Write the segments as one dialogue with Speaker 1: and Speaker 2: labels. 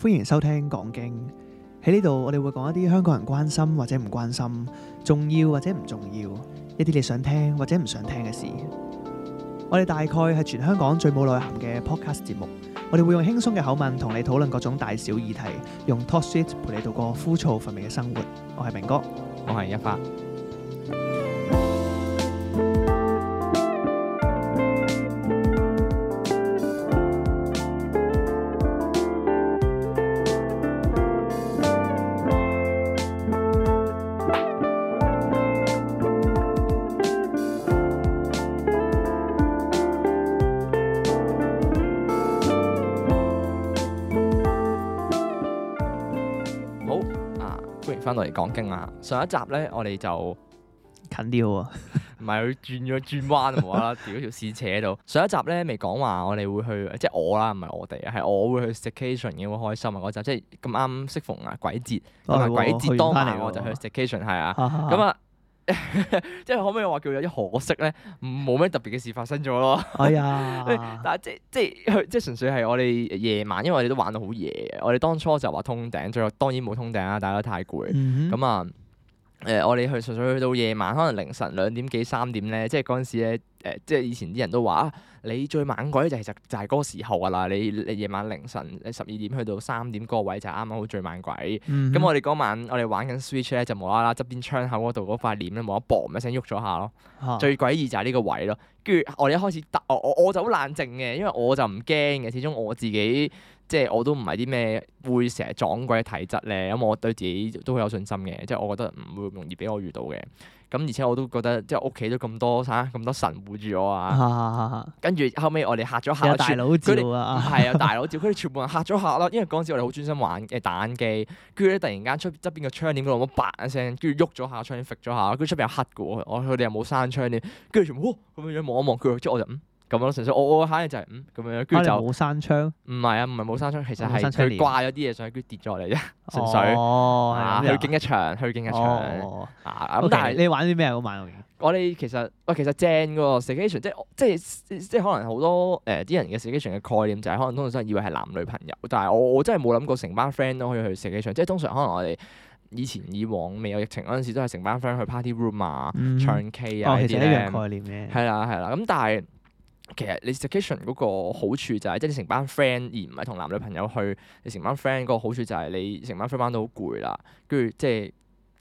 Speaker 1: 歡迎收聽講經。喺呢度，我哋會講一啲香港人關心或者唔關心，重要或者唔重要，一啲你想聽或者唔想聽嘅事。我哋大概係全香港最冇內涵嘅 podcast 節目。我哋會用輕鬆嘅口吻同你討論各種大小議題，用 talk shit 陪你度過枯燥乏味嘅生活。我係明哥，我係
Speaker 2: 一發。講經啊！上一集咧，我哋就近啲點喎，唔係佢轉咗轉彎啊，無啦啦掉咗條線扯到。上一集咧未講話，我哋會去，即係我啦，唔係我哋，係我會去 staycation 嘅，好開心啊！嗰陣即係咁啱適逢啊鬼節，哦、鬼節、哦、當晚我就去 staycation，係啊，咁啊。啊那啊 即係可唔可以話叫有啲可惜咧？冇咩特別嘅事發生咗咯。 哎呀 但！但係即即係即係純粹係我哋夜晚，因為我哋都玩到好夜。我哋當初就話通頂，最後當然冇通頂啦，大家都太攰。咁、嗯、哼 啊～誒、呃，我哋去純粹去到夜晚，可能凌晨兩點幾三點咧，即係嗰陣時咧，誒、呃，即係以前啲人都話啊，你最猛鬼就其、是、實就係、是、嗰個時候啊啦，你你夜晚凌晨十二點去到三點嗰個位就啱啱好最猛鬼。咁、嗯嗯、我哋嗰晚我哋玩緊 Switch 咧，就無啦啦側邊窗口嗰度嗰塊簾咧，無啦啵一聲喐咗下咯。最詭異就係呢個位咯。跟住我哋一開始，我我我就好冷靜嘅，因為我就唔驚嘅，始終我自己。即係我都唔係啲咩會成日撞鬼嘅體質咧，咁我對自己都好有信心嘅。即係我覺得唔會容易俾我遇到嘅。咁而且我都覺得即係屋企都咁多神，咁多神護住我啊！跟住後尾我哋嚇咗嚇，有大佬照啊！唔係啊，大佬照！佢哋全部人嚇咗嚇咯，因為嗰陣時我哋好專心玩誒打機，跟住咧突然間出側邊個窗簾嗰度，我白一聲，跟住喐咗下窗簾，揈咗下，跟住出邊又黑嘅喎，我佢哋又冇閂窗簾，跟住全部咁樣望一望佢，即係我諗。咁咯，純粹、哦、我我肯定就係、是、嗯咁樣，跟住就冇閂窗。唔係啊，唔係冇閂窗，其實係佢掛咗啲嘢上，去，跟住跌咗落嚟啫，純粹、哦、啊，去驚一場，去驚一場。咁但係你玩啲咩嗰晚？我哋其實喂、哦，其實正喎 staycation 即即,即可能好多誒啲人嘅 staycation 嘅概念就係可能通常都係以為係男女朋友，但係我我真係冇諗過成班 friend 都可以去 staycation 即係通常可能我哋以前以往未有疫情嗰陣時都係成班 friend 去 party room 啊、嗯、唱 K 啊呢、哦、樣概念、啊。咧，係啦係啦。咁但係。其實你 staycation 嗰個好處就係、是，即你成班 friend 而唔係同男女朋友去，你成班 friend 嗰個好處就係你成班 friend 玩到好攰啦。跟住即係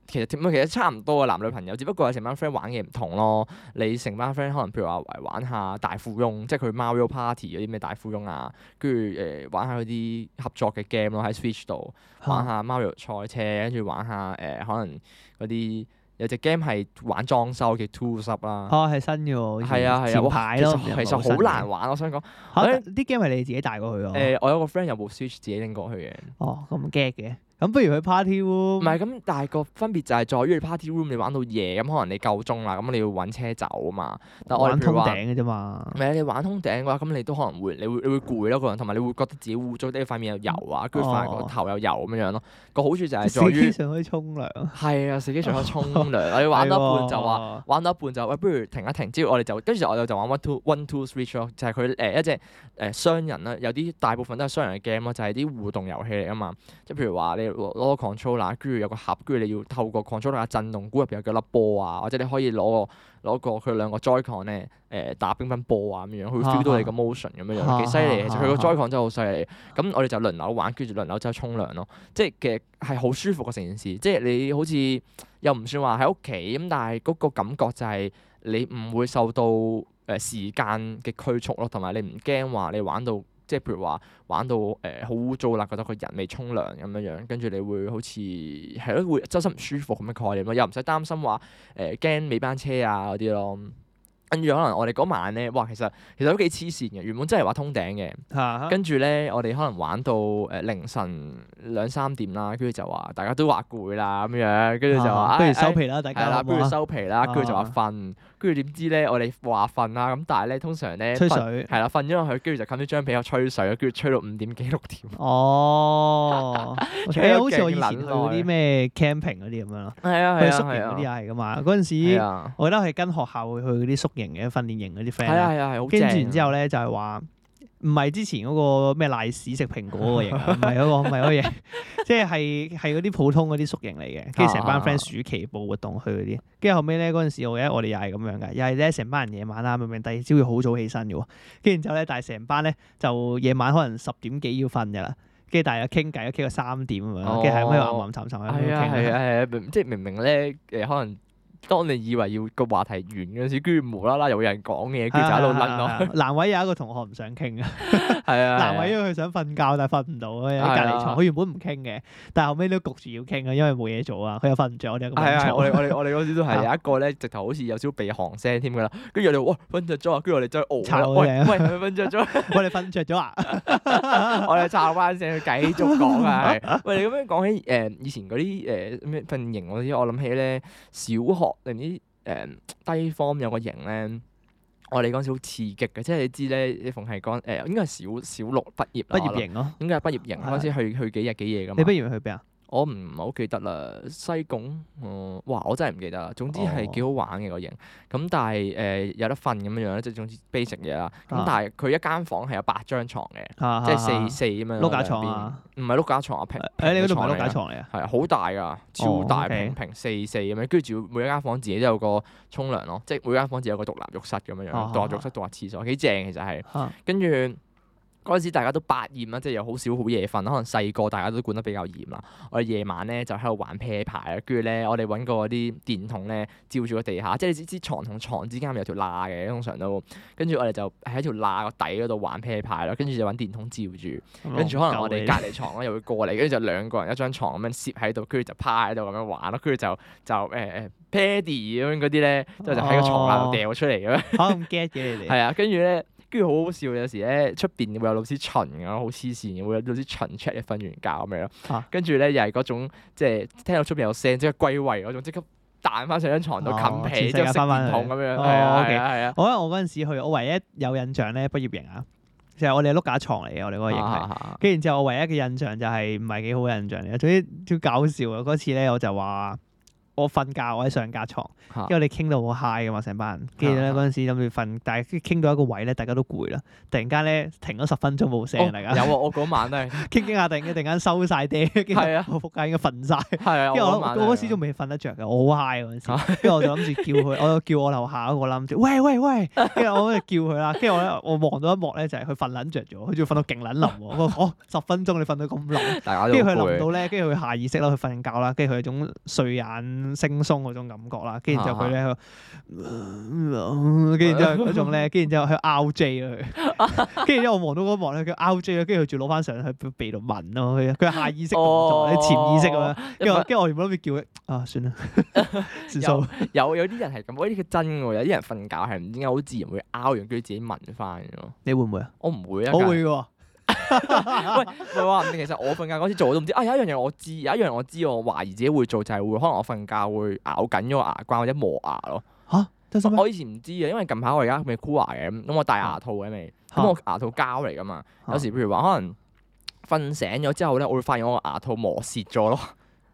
Speaker 2: 其實點？其實差唔多嘅男女朋友，只不過係成班 friend 玩嘅唔同咯。你成班 friend 可能譬如話玩下大富翁，即佢 Mario Party 嗰啲咩大富翁啊，跟住誒玩下嗰啲合作嘅 game 咯，喺 Switch 度玩下 Mario 賽車，跟住玩下誒、呃、可能嗰啲。有隻 game 係玩裝修嘅 Tools Up 啦，哦
Speaker 1: 係、啊、新嘅，係啊係啊前排咯，其實好難玩，
Speaker 2: 我想講，誒啲 game 係你自己帶過去喎，誒、呃、我有個 friend 有部 Switch 自己拎過去嘅，哦咁勁嘅。咁不如去 party 喎？唔係，咁，但係個分別就係在於 party room，你玩到夜，咁可能你夠鐘啦，咁你要揾車走啊嘛。但係我玩通頂嘅啫嘛。唔係你玩通頂嘅話，咁你都可能會你會你會攰咯，個人同埋你會覺得自己污糟啲，塊面又油啊，跟住塊個頭又油咁樣樣咯。個好處就係
Speaker 1: 在於可以沖涼。係啊，手機上可以沖涼。你玩到一半就話，
Speaker 2: 玩到一半就喂，欸、不如停一停。之後我哋就跟住我哋就玩 one two one two three four 就係佢誒一隻誒、呃、雙人啦。有啲大部分都係雙人嘅 game 咯，就係啲互動遊戲嚟啊嘛。即譬如話你。攞個 controller，跟住有個盒，跟住你要透過 controller 震動，估入邊有幾粒波啊，或者你可以攞個攞個佢兩個 Joy-Con 咧，誒、呃、打乒乓波啊咁樣，佢 feel 到你個 motion 咁 樣，幾犀利嘅，佢個 Joy-Con 真係好犀利。咁我哋就輪流玩，跟住輪流走去沖涼咯，即係其實係好舒服嘅成件事。即係你好似又唔算話喺屋企咁，但係嗰個感覺就係你唔會受到誒時間嘅拘束咯，同埋你唔驚話你玩到。即係譬如話玩到誒好污糟啦，覺得個人未沖涼咁樣樣，跟住你會好似係咯，會周身唔舒服咁嘅概念咯，又唔使擔心話誒驚尾班車啊嗰啲咯。跟、嗯、住可能我哋嗰晚咧，哇，其實其實都幾黐線嘅，原本真係話通頂嘅，跟住咧我哋可能玩到誒、呃、凌晨兩三點啦，跟住就話大家都話攰啦咁樣，跟住就話不如收皮啦，大家，係啦、啊，不如收皮啦，跟住就話瞓。跟住點知咧？我哋話瞓啦，咁但係咧通常咧，吹水係啦，瞓咗佢，跟住就冚啲張被，又吹水，跟住吹，吹到五點幾六點。哦，好似 幾 我以前去嗰啲
Speaker 1: 咩 camping 嗰啲咁樣咯， 幾 去宿營嗰啲又係㗎嘛。嗰陣 時 我覺得係跟學校會去嗰啲宿營嘅訓練營嗰啲 friend。跟住完之後咧就係話。唔係之前嗰個咩賴屎食蘋果嗰個型，唔係嗰個，唔係嗰個型，即係係嗰啲普通嗰啲宿營嚟嘅。跟住成班 friend 暑期部活動去嗰啲，跟住後尾咧嗰陣時候、哎，我咧我哋又係咁樣嘅，又係咧成班人夜晚啦，明明第二朝要好早起身嘅喎，跟住然後咧，但係成班咧就夜晚可能十點幾要瞓嘅啦，跟住但係傾
Speaker 2: 偈傾到三點咁樣，跟住係咁樣吟吟沉沉係啊係啊係啊，即係明明咧誒可能。當你以為要個話題完嗰陣時，居然無啦啦又有人講嘢，跟住就喺度問我。
Speaker 1: 難為有一個同學唔想傾啊，
Speaker 2: 難為因
Speaker 1: 為佢想瞓覺，但係瞓唔到喺隔離床，佢原本唔傾嘅，但係後尾都焗
Speaker 2: 住要傾啊，因為冇嘢做啊。佢又瞓唔着。我哋我哋我哋我哋嗰時都係有一個咧，直頭好似有少鼻鼾聲添㗎啦。跟住我哋哇瞓著咗，跟住我哋再哦喂喂瞓著咗，喂你瞓著咗啊！我哋插翻聲繼續講啊。喂你咁樣講起誒以前嗰啲誒咩訓營，我我諗起咧小學。令啲誒低 form 有個營咧，我哋嗰時好刺激嘅，即係你知咧，你逢係講誒應該係小小六畢業畢業營咯，啊，應該係畢業營開始的去去幾日幾夜嘅。你畢業去邊啊？我唔係好記得啦，西貢，嗯，哇，我真係唔記得啦。總之係幾好玩嘅個營，咁但係誒有得瞓咁樣樣咧，即係總之 basic 嘢啦。咁但係佢一間房係有八張床嘅，即係四四咁樣碌架牀，唔係碌架床，一平。喺你嗰度係碌架床嚟嘅，係啊，好大㗎，超大平平四四咁樣，跟住仲要每一間房自己都有個沖涼咯，即係每間房自己有個獨立浴室咁樣樣，獨立浴室獨立廁所幾正其實係。跟住。嗰陣時大家都百厭啦，即係又好少好夜瞓，可能細個大家都管得比較嚴啦。我哋夜晚咧就喺度玩啤牌，跟住咧我哋揾個啲電筒咧照住個地下，即係你知牀同床、床之間有條罅嘅，通常都跟住我哋就喺條罅個底嗰度玩啤牌咯，跟住就揾電筒照住，跟住、嗯、可能我哋隔離床又會過嚟，跟住就兩個人一張床咁樣攝喺度，跟住就趴喺度咁樣玩咯，跟住就就誒派啲咁樣嗰啲咧，之後就喺、呃、個床罅度掉出嚟咁樣。嚇咁驚
Speaker 1: 嘅你哋？係
Speaker 2: 啊， 跟住咧。跟住好好笑，有時咧出邊會有老師巡咁，好黐線嘅，會有老師巡 check 你瞓完覺咁樣，跟住咧又係嗰種，即係聽到出邊有聲即刻歸位嗰種，即刻彈翻上張床度冚被即後食便桶咁樣。係啊，係啊，係啊。
Speaker 1: 我我嗰陣時去我唯一有印象咧畢業營啊，就係我哋碌架床嚟嘅，我哋嗰個營係。跟住然之後我唯一嘅印象就係唔係幾好印象嚟，總之超搞笑啊！嗰次咧我就話。我瞓覺，我喺上架床，因為你傾到好 high 嘅嘛，成班人，人跟住咧嗰陣時諗住瞓，但係傾到一個位咧，大家都攰啦，突然間咧停咗十分鐘冇聲，大家、哦、有啊、哦，我嗰晚都係傾傾下，突然間收晒啲，跟住我撲街嘅瞓晒，跟啊，啊我嗰晚我嗰時仲未瞓得着嘅，我好 high 嗰陣時，跟住、啊、我就諗住叫佢，我叫我樓下嗰個諗住喂喂喂，跟住我就叫佢啦，跟住我我望到一幕咧就係佢瞓撚着咗，佢仲要瞓到勁撚冧我我、哦、十分鐘你瞓到咁冧，跟住佢冧到咧，跟住佢下意識啦佢瞓覺啦，跟住佢係種睡眼。輕鬆嗰種感覺啦，跟住之後佢咧，跟住之後嗰種咧，跟住之後去咬 J 佢，跟住之後我望到嗰幕咧，佢咬 J 啦，跟住佢仲要攞翻上去鼻度聞咯，佢佢
Speaker 2: 下意識動作，啲潛、哦、意識咁樣，跟住
Speaker 1: 跟住我原本諗住叫佢，啊算啦
Speaker 2: 算數， 有有有啲人係咁，我呢個真嘅，有啲人瞓 覺係唔知點解好自然會咬，然後佢自己聞翻咯，你會唔會？會啊？我唔會啊，我會嘅。 喂，唔係話唔定，其實我瞓覺嗰時做我都唔知。啊，有一樣嘢我知，有一樣我知，我懷疑自己會做就係、是、會可能我瞓覺會咬緊咗牙關或者磨牙咯。嚇、啊啊，我以前唔知嘅，因為近排我而家咪箍牙嘅，咁我戴牙套嘅咪，咁、啊、我牙套膠嚟噶嘛，啊、有時譬如話可能瞓醒咗之後咧，我會發現我牙套磨蝕咗咯。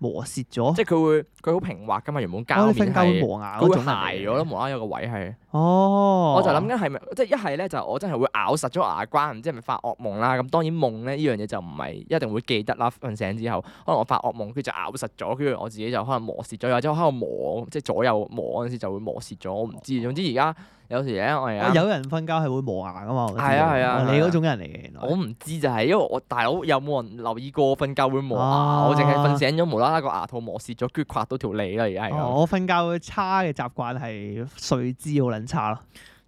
Speaker 2: 磨蝕咗，即係佢會佢好平滑噶嘛，原本膠面係，佢會挨咗咯，磨牙有個位係。哦，我就諗緊係咪，即係一係咧就我真係會咬實咗牙關，唔知係咪發噩夢啦？咁當然夢咧呢樣嘢就唔係一定會記得啦。瞓醒之後，可能我發噩夢，佢就咬實咗，跟住我自己就可能磨蝕咗，或者我喺度磨，即係左右磨嗰陣時就會磨蝕咗。我唔知，哦、總之而家。有時咧，我有
Speaker 1: 人瞓覺係會磨牙㗎嘛，係啊係啊，啊啊你嗰種人嚟
Speaker 2: 嘅。我唔知就係、是，因為我大佬有冇人留意過瞓覺會磨牙？啊、我淨係瞓醒咗，無啦啦個牙套磨蝕咗，跟刮到條脷啦而家。我瞓覺差嘅習慣係睡姿好撚差咯，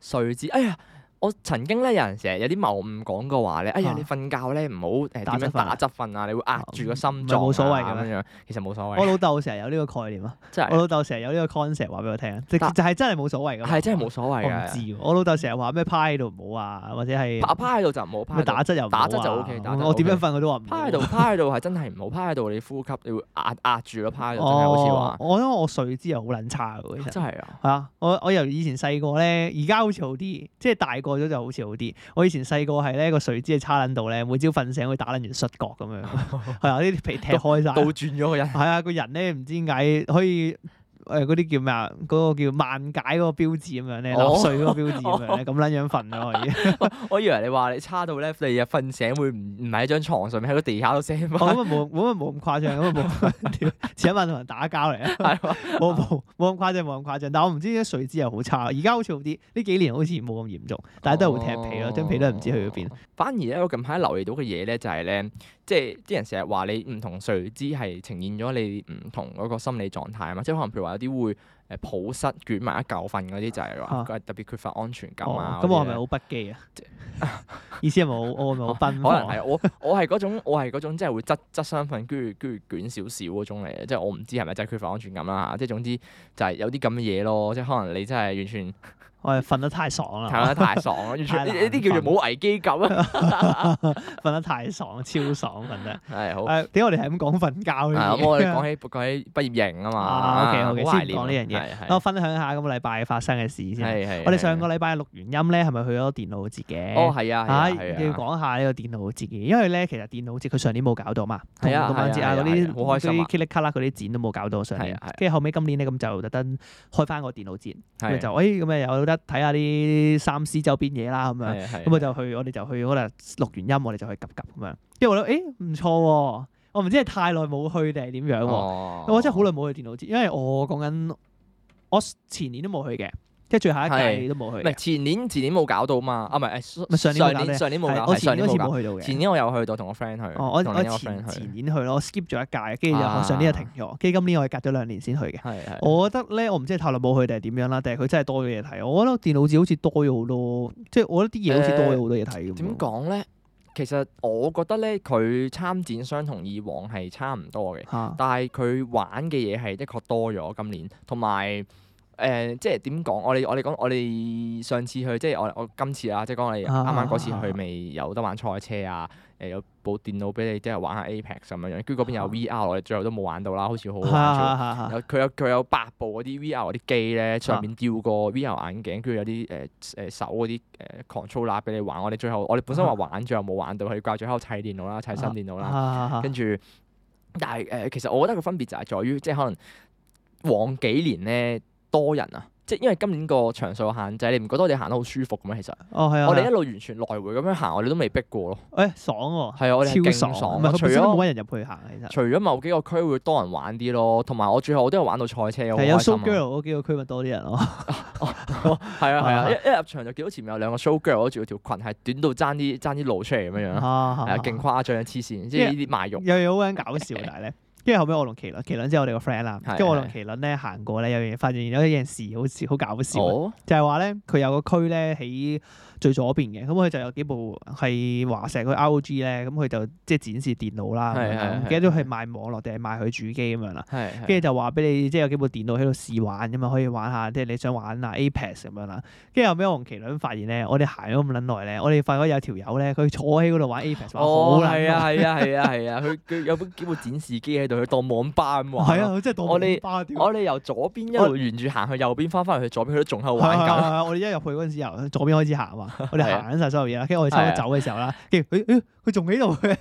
Speaker 2: 睡姿哎呀～我曾經咧，有人成日有啲謬誤講過話咧，哎呀，你瞓覺咧唔好誒打側瞓啊，你會壓住個心臟。唔係冇所謂嘅咩？其實冇所謂。我老
Speaker 1: 豆成日有呢個概念啊，即係我老豆成日有呢個 concept 話俾我聽，就係真係冇所謂㗎。係真係冇所謂嘅。我唔知，我老豆成日話咩趴喺度唔
Speaker 2: 好啊，或者係趴喺度就唔好趴。打側又打側就 O K，打側我點樣瞓佢都話唔好趴喺度，趴喺度係真係唔好，趴喺度你呼吸你會壓壓住咯，趴喺度真係好似
Speaker 1: 話。我覺得我睡姿又好撚差㗎，真係啊。係啊，我我由以前細個咧，而家好似好啲，即係大個咗就好似好啲。我以前細個係咧，個睡姿係叉撚度咧，每朝瞓醒會打撚完摔角咁樣，係 啊， 呢啲被踢開晒，倒轉咗 個人，係啊，個人咧唔知點解可以。誒嗰啲叫咩啊？嗰、嗰個叫萬解嗰個標誌咁樣，你落水嗰個標誌咁樣，咁撚樣瞓咯。
Speaker 2: 我以為你話你差到咧，第二日瞓醒會唔唔喺張床上面喺個地下度醒？哦，咁啊
Speaker 1: 冇冇乜冇咁誇張，咁啊冇。
Speaker 2: 前一晚同人打交嚟啊。冇冇冇咁
Speaker 1: 誇張，冇咁誇張。但我唔知啲睡姿又好差，而家好似好啲。呢幾年好似冇咁嚴重，但係都係會踢被咯，張被都係唔知
Speaker 2: 去咗邊。哦、反而咧，我近排留意到嘅嘢咧，就係咧，即係啲人成日話你唔同睡姿係呈現咗你唔同嗰個心理狀態啊嘛，即係可能譬如話。有啲會誒抱膝捲埋一嚿瞓嗰啲就係話，特別缺乏安全感啊！咁、哦嗯、些我係咪好不羈啊？
Speaker 1: 意思係咪我係咪好可能係
Speaker 2: 我我係嗰種我係嗰種即係會側側身瞓，跟住跟住捲少少嗰種嚟嘅，即係我唔知係咪真係缺乏安全感啦，即係總之就係有啲咁嘅嘢咯，即係可能你真係完全。
Speaker 1: 我哋瞓得太爽
Speaker 2: 啦，瞓得太爽啦，呢呢啲叫做冇危機感啊！瞓得太爽，超爽瞓得。係
Speaker 1: 點解我哋係咁講瞓覺嘅？講
Speaker 2: 起講起畢業營啊嘛，先講呢樣嘢。我分享下今個禮拜發生嘅事先。我哋上
Speaker 1: 個禮拜錄完音咧，係咪去咗電腦節嘅？哦係啊，要講下呢個電腦節，因為咧其實電腦節佢上年冇搞到嘛，同動漫節啊嗰啲，所以 k i l 啦嗰啲展都冇搞到上年。係啊，跟住後尾今年咧咁就特登開翻個電腦節，就咁睇下啲三 C 周邊嘢啦，咁樣咁我就去，我哋就去可能錄完音，我哋就去及及咁樣，欸啊樣啊哦。因為我覺得，誒唔錯喎，我唔知係太耐冇去定係點樣，我真係好耐冇去電腦節，因為我講緊
Speaker 2: 我前年都冇去嘅。跟住下一屆都冇去，唔係前年、前年冇搞到嘛？啊，唔係，上年、上年、冇搞，我上年好似冇去到嘅。前年我有去到，同我 friend 去，同我 f 前年
Speaker 1: 去咯，我 skip 咗一屆，跟住就上年就停咗。跟住今年我係隔咗兩年先去嘅。係係，我覺得咧，我唔知係太耐冇去定係點樣啦，定係佢真係多咗嘢睇。我覺得電腦節好似多咗好多，即係我覺得啲嘢好似多咗好多嘢
Speaker 2: 睇。點講咧？其實我覺得咧，佢參展商同以往係差唔多嘅，但係佢玩嘅嘢係的確多咗今年，同埋。誒、呃，即係點講？我哋我哋講，我哋上次去即係我我今次啊，即係講我哋啱啱嗰次去未有得玩賽車啊。誒、呃，有部電腦俾你即係玩下 Apex 咁樣樣，跟住嗰邊有 VR 我哋最後都冇玩到啦，好似好，佢、啊呃、有佢有八部嗰啲 VR 嗰啲機咧，上面吊個 VR 眼鏡，跟住有啲誒誒手嗰啲誒 Controller 俾你玩。我哋最後我哋本身話玩最後冇玩到，佢掛住喺度砌電腦啦，砌新電腦啦，跟住。但係誒、呃，其實我覺得個分別就係在於，即係可能往幾年咧。多人啊，即係因為今年個場數限制，你唔覺得我哋行得好舒服嘅咩？其實，我哋一路完全來回咁樣行，我哋都未逼過咯。誒，爽喎，係啊，我哋係勁爽。唔係佢本身冇揾
Speaker 1: 人入去行其實，除
Speaker 2: 咗某幾個區會多人玩啲咯，同埋我最後都有玩到賽車，係有 show
Speaker 1: girl 嗰幾個區咪多啲人咯。
Speaker 2: 係啊係啊，一入場就見到前面有兩個 show girl 著條裙係短到爭啲爭啲露出嚟咁樣樣，係啊，勁誇張黐線，即係呢啲賣肉，又有
Speaker 1: 好鬼搞笑，但係咧。因為後尾我同奇倫，奇倫即係我哋個 friend 啦。跟住的我同奇倫咧行過咧，有發現有一件事好，好似好搞笑，Oh？就係話咧佢有個區咧喺最左邊嘅，咁佢就有幾部係華碩個 ROG 咧，咁佢就即係展示電腦啦，咁樣，唔記得咗係賣網絡定係賣佢主機咁樣啦。跟住就話俾你，即係有幾部電腦喺度試玩咁啊，可以玩下，即係你想玩下 Apex 咁樣啦。跟住後尾我同奇倫發現咧，我哋行咗咁撚耐咧，我哋發現有條友咧，佢坐喺嗰度玩 Apex，話好難啊！係啊係啊係啊
Speaker 2: 係啊！佢佢有幾部展示機喺度，佢當網吧咁玩。係啊！佢真係當網吧。我哋我哋由左邊一路沿住行去右邊，翻翻嚟去左邊，佢都仲喺度玩緊。係啊！我哋一
Speaker 1: 入去嗰陣時，由左邊開始行我哋行哂所有嘢啦，跟住我哋差唔多走嘅時候啦，跟住，誒誒。佢仲喺度嘅，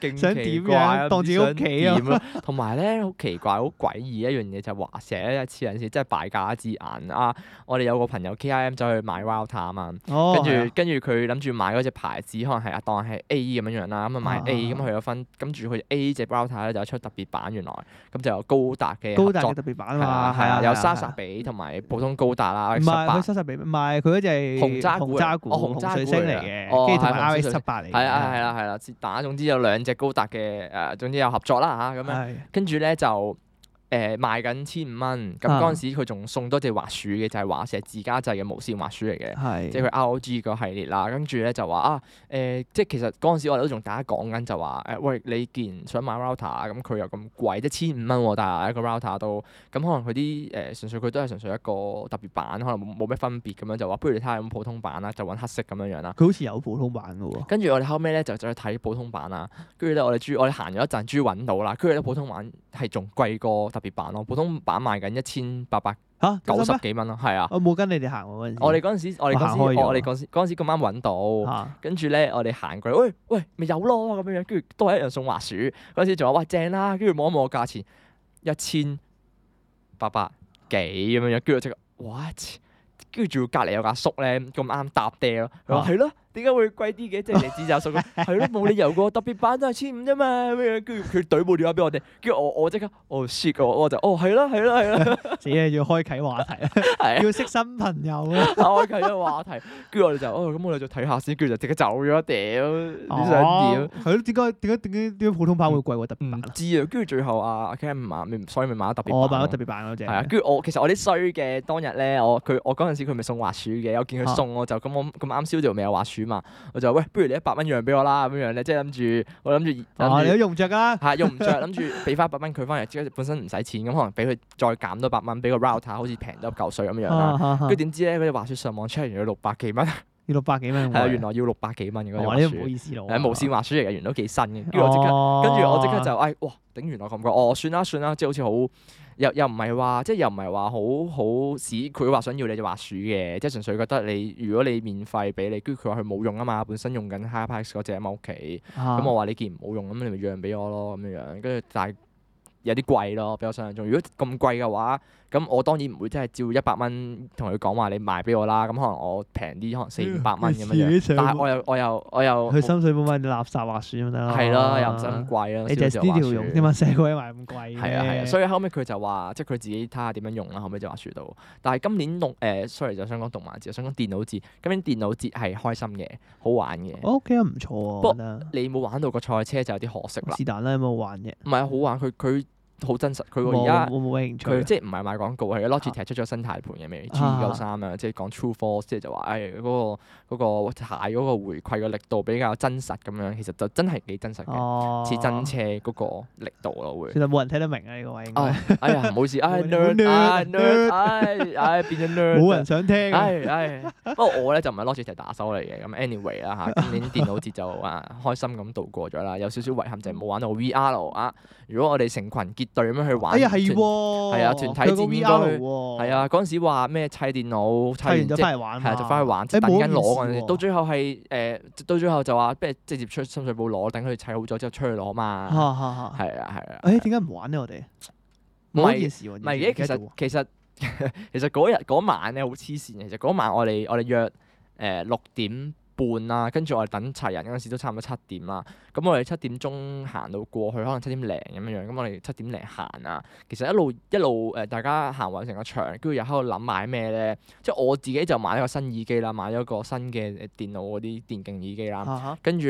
Speaker 1: 勁想點樣當自己屋企咁
Speaker 2: 同埋咧，好奇怪、好詭異，一樣嘢就話成一次人時即係敗家之眼啊！我哋有個朋友 KIM 走去買 Router 啊嘛，跟住跟住佢諗住買嗰隻牌子，可能係啊當係 A 咁樣樣啦，咁啊買 A 咁佢有分，跟住佢 A 隻 Router 咧就出特別版原來，咁就有高達嘅特別版啊，係啊，有莎莎比同埋普通高達啦，唔係佢三
Speaker 1: 十比，唔係佢嗰隻紅渣古，紅彗星嚟嘅，機台 RX 七八嚟。係啊係啊。
Speaker 2: 啊，係啦，接打，總之有兩隻高達嘅，誒，總之有合作啦嚇，咁啊，咁樣，是的 跟住咧就。誒、呃、賣緊千五蚊，咁嗰陣時佢仲送多隻滑鼠嘅，就係華碩自家製嘅無線滑鼠嚟嘅，是即係佢 ROG 個系列啦。跟住咧就話啊，誒、呃、即係其實嗰陣時我哋都仲大家講緊就話誒，喂、呃、你既然想買 router，咁、嗯、佢又咁貴，即千五蚊，但係一個 router 都咁、嗯、可能佢啲誒純粹佢都係純粹一個特別版，可能冇咩分別咁樣就話，不如你睇下咁普，普、哦、普通版啦，就揾黑色咁樣樣啦。佢好
Speaker 1: 似有普通版嘅喎。
Speaker 2: 跟住我哋後尾咧就走去睇普通版啊，跟住咧我哋中我哋行咗一陣終於揾到啦，跟住咧普通版係仲貴過特別版咯，普通版賣緊一千八百九十幾蚊咯，係啊。啊
Speaker 1: 我冇跟你哋行陣時。我哋嗰陣時，我哋陣時、啊，我哋
Speaker 2: 陣時，咁啱搵到，跟住咧我哋行過去，喂、哎、喂，咪有咯咁樣樣，跟住都係一樣送滑鼠。嗰陣時仲話哇正啦，跟住摸一摸個價錢，一千八百幾咁樣樣，跟住即係 what？跟住仲隔籬有架叔咧，咁啱搭嗲咯，佢話係啦。點解會貴啲嘅？即係你自找數，係咯，冇理由嘅。特別版都係千五啫嘛，咁樣。跟住佢懟部電話俾我哋，跟住我我即刻，哦 shit，我我就哦係咯係咯係咯，只係要開啓話題，要識新朋友啊，開啓咗話題。跟住我哋就哦咁，我哋就睇下先。跟住就即刻走咗屌，你想點？
Speaker 1: 係咯，點解點解點解啲普通版會貴過特
Speaker 2: 別版？唔知啊。跟住最後啊，阿 Ken 買，所以咪買咗特別版。我買咗特別版嗰隻。啊。跟住我其實我啲衰嘅，當日咧我佢我嗰陣時佢咪送滑鼠嘅，我見佢送我就咁我咁啱先又未有滑鼠。我就喂，不如你一百蚊讓俾我啦，咁樣樣咧，即係諗住，我諗住，啊，你都用着噶？係用唔着，諗住俾翻一百蚊佢翻嚟，即本身唔使錢，咁可能俾佢再減多百蚊，俾個 router 好似平多嚿水咁樣啦。跟住點知咧，嗰隻滑雪上網 charge 要六百幾蚊，要六百幾蚊，原來要六百幾蚊。我哋唔好意思咯，無線滑雪嚟嘅都幾新嘅。跟住、啊、我即刻，跟住我即刻就，哎，哇，頂，原來咁貴，哦，算啦算啦，即係好似好。又又唔係話，即係又唔係話好好使，佢話想要你隻滑鼠嘅，即係純粹覺得你如果你免費俾你，跟住佢話佢冇用啊嘛，本身用緊 HyperX 嗰隻喺屋企，咁、啊嗯、我話呢件唔好用，咁你咪讓俾我咯咁樣，跟住但係有啲貴咯，比我想象中。如果咁貴嘅話，咁、嗯、我當然唔會真係照一百蚊同佢講話你賣俾我啦，咁、嗯、可能我平啲，可能四五百蚊咁樣， 但係我又我又我又 去深
Speaker 1: 水埗買啲垃圾滑鼠咪得咯？係咯，又唔使咁貴啦。你就呢條用你啊，成個嘢賣咁貴嘅、啊。係啊係啊，所
Speaker 2: 以後尾佢就話即係佢自己睇下點樣用啦。後尾就滑鼠到。但係今年動誒、呃、sorry，就想講動漫節，想講電腦節。今年電腦節係開心嘅，好玩嘅。我
Speaker 1: 覺得唔錯啊。不過，
Speaker 2: 你冇玩到個賽車就有啲可惜啦。是但啦，有冇玩嘅？唔係好玩，佢佢。好真實，佢而家佢即係唔係賣廣告93，啊？係 Logitech 出咗新軚盤嘅咩？G93 啊，即係講 True Force，即係就話誒嗰個嗰、那個軚嗰個回饋嘅力度比較真實咁樣，其實就真係幾真實嘅，似、啊、真車嗰個力度咯會。其實冇人聽得明啊呢個位， 哎呀冇事，哎 nerd， 哎哎哎、變咗 nerd 冇人想聽、啊，哎哎。不過我咧就唔係 Logitech 打手嚟嘅，咁 Anyway 啦、啊、嚇，今年電腦節就啊 開心咁度過咗啦，有少少遺憾就係、是、冇玩到 VR 啊。如果我哋成群。結隊咁樣去玩，哎係啊團體戰都係啊嗰陣時話咩砌電腦，砌完就翻嚟玩，係啊就翻去玩，即等緊攞嗰陣時，到最後係誒，到最後就話不如直接出深水埗攞，等佢砌好咗之後出去攞嘛，係啊係
Speaker 1: 啊。哎，點解唔玩咧？我哋
Speaker 2: 唔係唔係，其實其實其實嗰日嗰晚咧好黐線嘅。其實嗰晚我哋我哋約誒六點。半啦，跟住我哋等齊人嗰陣時都差唔多七點啦。咁我哋七點鐘行到過去，可能七點零咁樣樣。咁我哋七點零行啊。其實一路一路誒、呃，大家行完成個場，跟住又喺度諗買咩咧。即係我自己就買咗個新耳機啦，買咗個新嘅電腦嗰啲電競耳機啦。跟住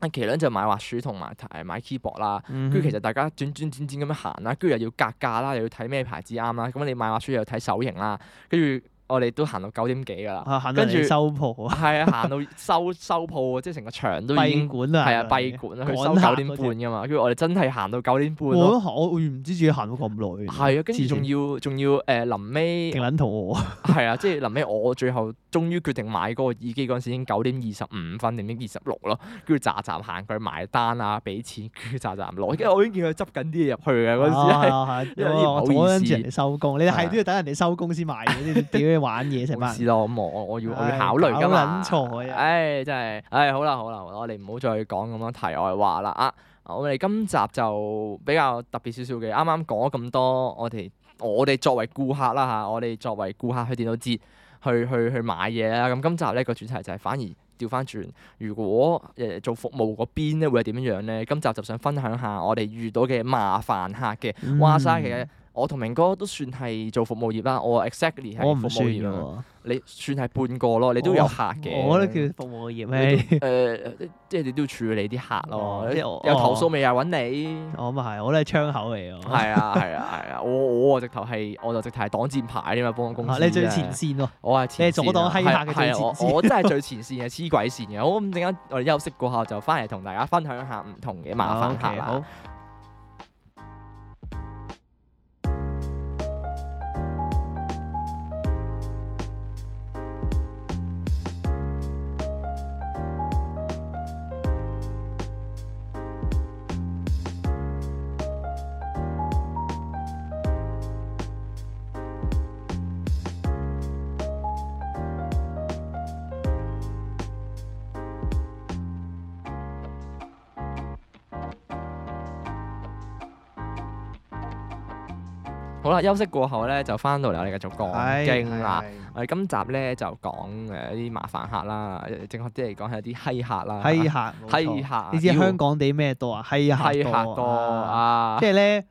Speaker 2: 阿奇倫就買滑鼠同埋買 keyboard 啦。跟住、uh huh. 其實大家轉轉轉轉咁樣行啦，跟住又要格價啦，又要睇咩牌子啱啦。咁你買滑鼠又要睇手型啦，跟住。我哋都行到九點幾噶啦。跟住收鋪啊，係啊，行到收收鋪即係成個場都已經閉館啦，係啊，閉館啊，佢收九點半噶嘛，跟住我哋真係行到九點半。我我唔知自己行到咁耐，係啊，跟住仲要仲要誒臨尾勁撚肚餓，係啊，即係臨尾我最後終於決定買嗰個耳機嗰陣時已經九點二十五分定唔知二十六咯，跟住咋扎行佢埋單啊，俾錢，跟住咋扎落，跟住我已經見佢執緊啲嘢入去嘅嗰時，攞跟住收工，你係都
Speaker 1: 要等人哋收工先買嘢。玩嘢成事我
Speaker 2: 我我要唉我要考慮噶嘛，炒冷啊！唉，真係唉，好啦好啦，我哋唔好再講咁多題外話啦啊！我哋今集就比較特別少少嘅，啱啱講咗咁多，我哋我哋作為顧客啦嚇、啊，我哋作為顧客去電腦節去去去買嘢啦，咁、啊嗯、今集呢個主題就係反而調翻轉，如果誒做服務嗰邊咧會係點樣呢？今集就想分享下我哋遇到嘅麻煩客嘅話曬嘅。嗯我同明哥都算係做服務業啦，我 exactly 係服務業咯。你算係半個咯，你都有客嘅。我覺得叫服務業咩？誒，即係你都要處理啲客咯，有投訴未又揾你。我咁係，我都係窗口嚟喎。係啊，係啊，係啊，我我直頭係，我就直頭係擋箭牌㗎嘛，幫公司啊。你最前線喎。我係前線。你做擋閪客嘅最前線。我真係最前線嘅，黐鬼線嘅。我咁陣間我哋休息過後就翻嚟同大家分享下唔同嘅麻煩客啦。啊、休息過後咧，就翻到嚟我哋繼續講經啦。我哋今集咧就講誒啲麻煩客啦，正確啲嚟講係一啲嘿客啦。嘿客，嘿客，你知香港
Speaker 1: 地咩多啊？嘿客多，嘿客多啊，即係咧。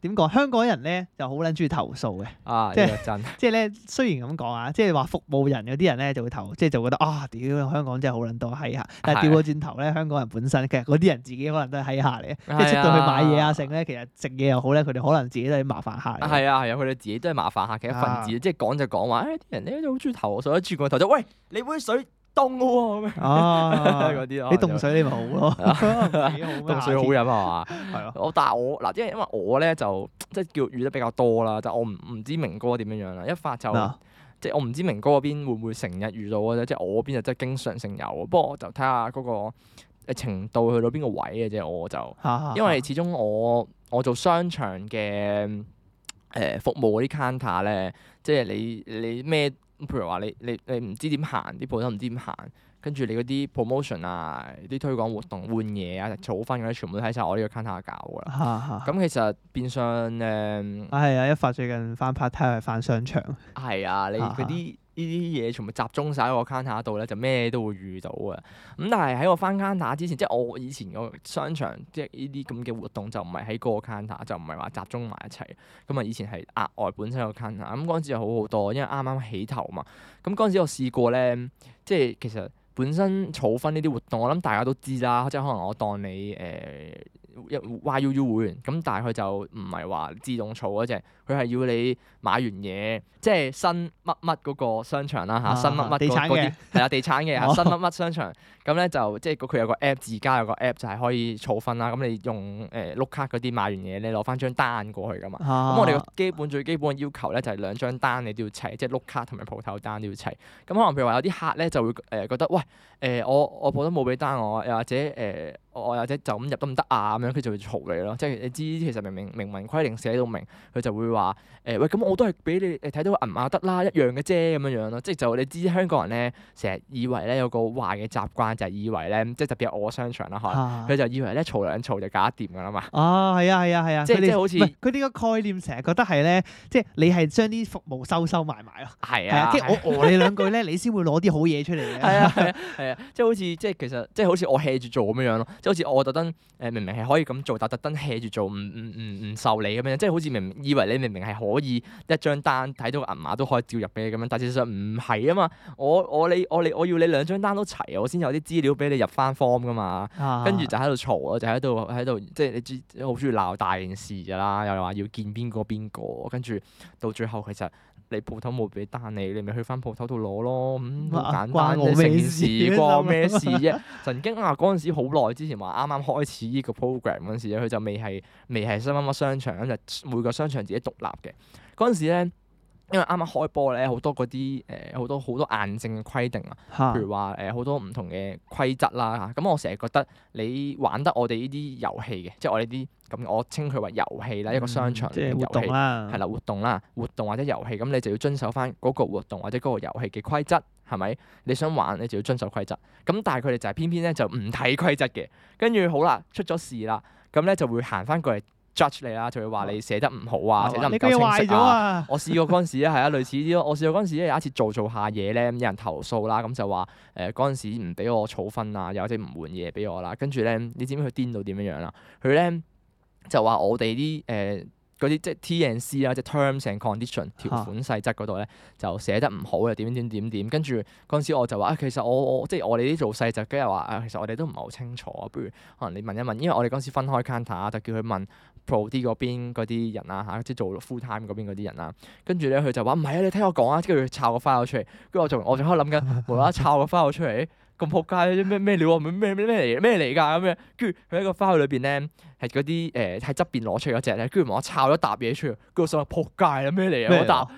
Speaker 1: 點講？香港人咧就好撚中意投訴嘅，啊，即係真即，即係咧雖然咁講啊，即係話服務人嗰啲人咧就會投，即係就覺得啊，屌，香港真係好
Speaker 2: 撚多閪客。但係調個
Speaker 1: 轉頭咧，香港人本身其實嗰啲人自己可能都係閪客嚟。啊、即係出到去買嘢啊剩咧，其實食嘢又好咧，佢哋可能自己都係麻煩客。係
Speaker 2: 啊係啊，佢哋自己都係麻煩客其一份子，即係講就講話，誒、哎，啲人咧好中意投訴，轉個頭就，喂，你杯水。凍咯啊，嗰啲咯，你凍水你咪好咯， 凍水好飲係嘛？係咯。我但係我嗱，因為因為我咧就即係叫遇得比較多啦，就我唔唔知明哥點樣樣啦。一發就、啊、即係我唔知明哥嗰邊會唔會成日遇到嘅啫，即、就、係、是、我嗰邊就真係經常性有。不過我就睇下嗰個程度去到邊個位嘅啫。我就因為始終我我做商場嘅誒服務嗰啲 counter 咧，即係你你咩？你譬如話你你你唔知點行啲鋪頭唔知點行，跟住你嗰啲 promotion 啊、啲推廣活動換嘢啊、儲分嗰啲全部都喺晒我呢個 counter 搞㗎啦。咁 其實變相誒，
Speaker 1: 係、呃、啊，啊，一發最近翻 part time 係翻商
Speaker 2: 場。係 啊，你嗰啲。 呢啲嘢全部集中晒喺個 counter 度咧，就咩都會遇到啊。咁但係喺我翻 counter 之前，即係我以前個商場，即係呢啲咁嘅活動就唔係喺嗰個 counter 就唔係話集中埋一齊。咁啊，以前係額外本身有 counter，咁嗰陣時就好好多，因為啱啱起頭嘛。咁嗰陣時我試過咧，即係其實本身儲分呢啲活動，我諗大家都知啦，即係可能我當你誒。呃 YUU 會員。咁但係佢就唔係話自動儲嗰隻，佢係要你買完嘢，即係新乜乜嗰個商場啦嚇，新乜乜嗰啲係啊，地產嘅，產 新乜乜商場咁咧，就即係佢有個 app 自家有個 app 就係可以儲分啦。咁你用誒碌、呃、卡嗰啲買完嘢咧攞翻張單過去噶嘛。咁、啊、我哋基本最基本嘅要求咧就係兩張單你都要砌，即係碌卡同埋鋪頭單都要砌。咁可能譬如話有啲客咧就會誒覺得喂，誒我我鋪頭冇俾單我，又或者誒。呃呃我或者就咁入得唔得啊咁樣，佢就會嘈你咯。即係你知，其實明明明文規定寫到明，佢就會話：誒喂，咁我都係俾你，睇到銀碼得啦，一樣嘅啫咁樣樣咯。即係就你知，香港人咧成日以為咧有個壞嘅習慣，就係以為咧，即係特別係我商場啦嚇，佢就以為咧嘈兩嘈就搞得掂噶啦嘛。哦，係啊，
Speaker 1: 係啊，係啊！即係即係好似佢呢個概念成日覺得係咧，即係你係將啲服務收收埋埋咯。係啊，即係我餓你兩句咧，
Speaker 2: 你先會攞啲好嘢出嚟嘅。係啊，係啊，即係好似即係其實即係好似我 hea 住做咁樣樣咯。好似我特登誒明明係可以咁做，但特登 hea 住做，唔唔唔唔受理咁樣，即係好似明，明以為你明明係可以一張單睇到銀碼都可以照入俾你咁樣，但係事實上唔係啊嘛，我我你我你我，我要你兩張單都齊，我先有啲資料俾你入翻 form 噶嘛，啊、跟住就喺度嘈咯，就喺度喺度即係你知好中意鬧大件事噶啦，又話要見邊個邊個，跟住到最後其實。你鋪頭冇俾單你，你咪去翻鋪頭度攞咯，咁、嗯、簡單啫、啊。關我咩事？關我咩事啫？ 曾經啊，嗰陣時好耐之前話啱啱開始依個 program 嗰陣時咧，佢就未係未係新開乜商場，咁就每個商場自己獨立嘅。嗰陣時咧。因為啱啱開波咧，好多嗰啲誒好多好多硬性嘅規定啊，哈譬如話誒好多唔同嘅規則啦，咁我成日覺得你玩得我哋呢啲遊戲嘅，即係我哋啲咁，我稱佢為遊戲啦，嗯、一個商場嘅遊戲啦，係啦活、啊、活動啦，活動或者遊戲咁，你就要遵守翻嗰個活動或者嗰個遊戲嘅規則，係咪？你想玩，你就要遵守規則。咁但係佢哋就係偏偏咧就唔睇規則嘅，跟住好啦，出咗事啦，咁咧就會行翻過嚟。judge 你啦，就會話你寫得唔好啊，寫得唔夠清晰啊， 我啊。我試過嗰陣時咧，係啊，類似啲咯。我試過嗰陣時咧，有一次做做下嘢咧，有人投訴啦，咁就話誒嗰陣時唔俾我儲分啊，又或者唔換嘢俾我啦。跟住咧，你知唔知佢癲到點樣樣啦？佢咧就話我哋啲誒。呃嗰啲即係 T n C 啦，即係 terms and condition 條款細則嗰度咧，就寫得唔好啊，點點點點，跟住嗰陣時我就話啊，其實我我即係我哋啲做細則梗係話啊，其實我哋都唔係好清楚啊，不如可能你問一問，因為我哋嗰陣時分開 counter 啊，就叫佢問 pro D 嗰邊嗰啲人啊嚇，即係做 full time 嗰邊嗰啲人啊，跟住咧佢就話唔係啊，你聽我講啊，跟住佢抄個 file 出嚟，跟住我仲我仲喺度諗緊，無啦啦抄個 file 出嚟。咁仆街咩咩料咩咩咩嚟咩嚟噶咁樣，跟住佢喺個花盒裏邊咧，係嗰啲誒喺側邊攞出嗰隻咧，跟住我抄咗沓嘢出嚟，想話仆街啦咩嚟啊，嗰沓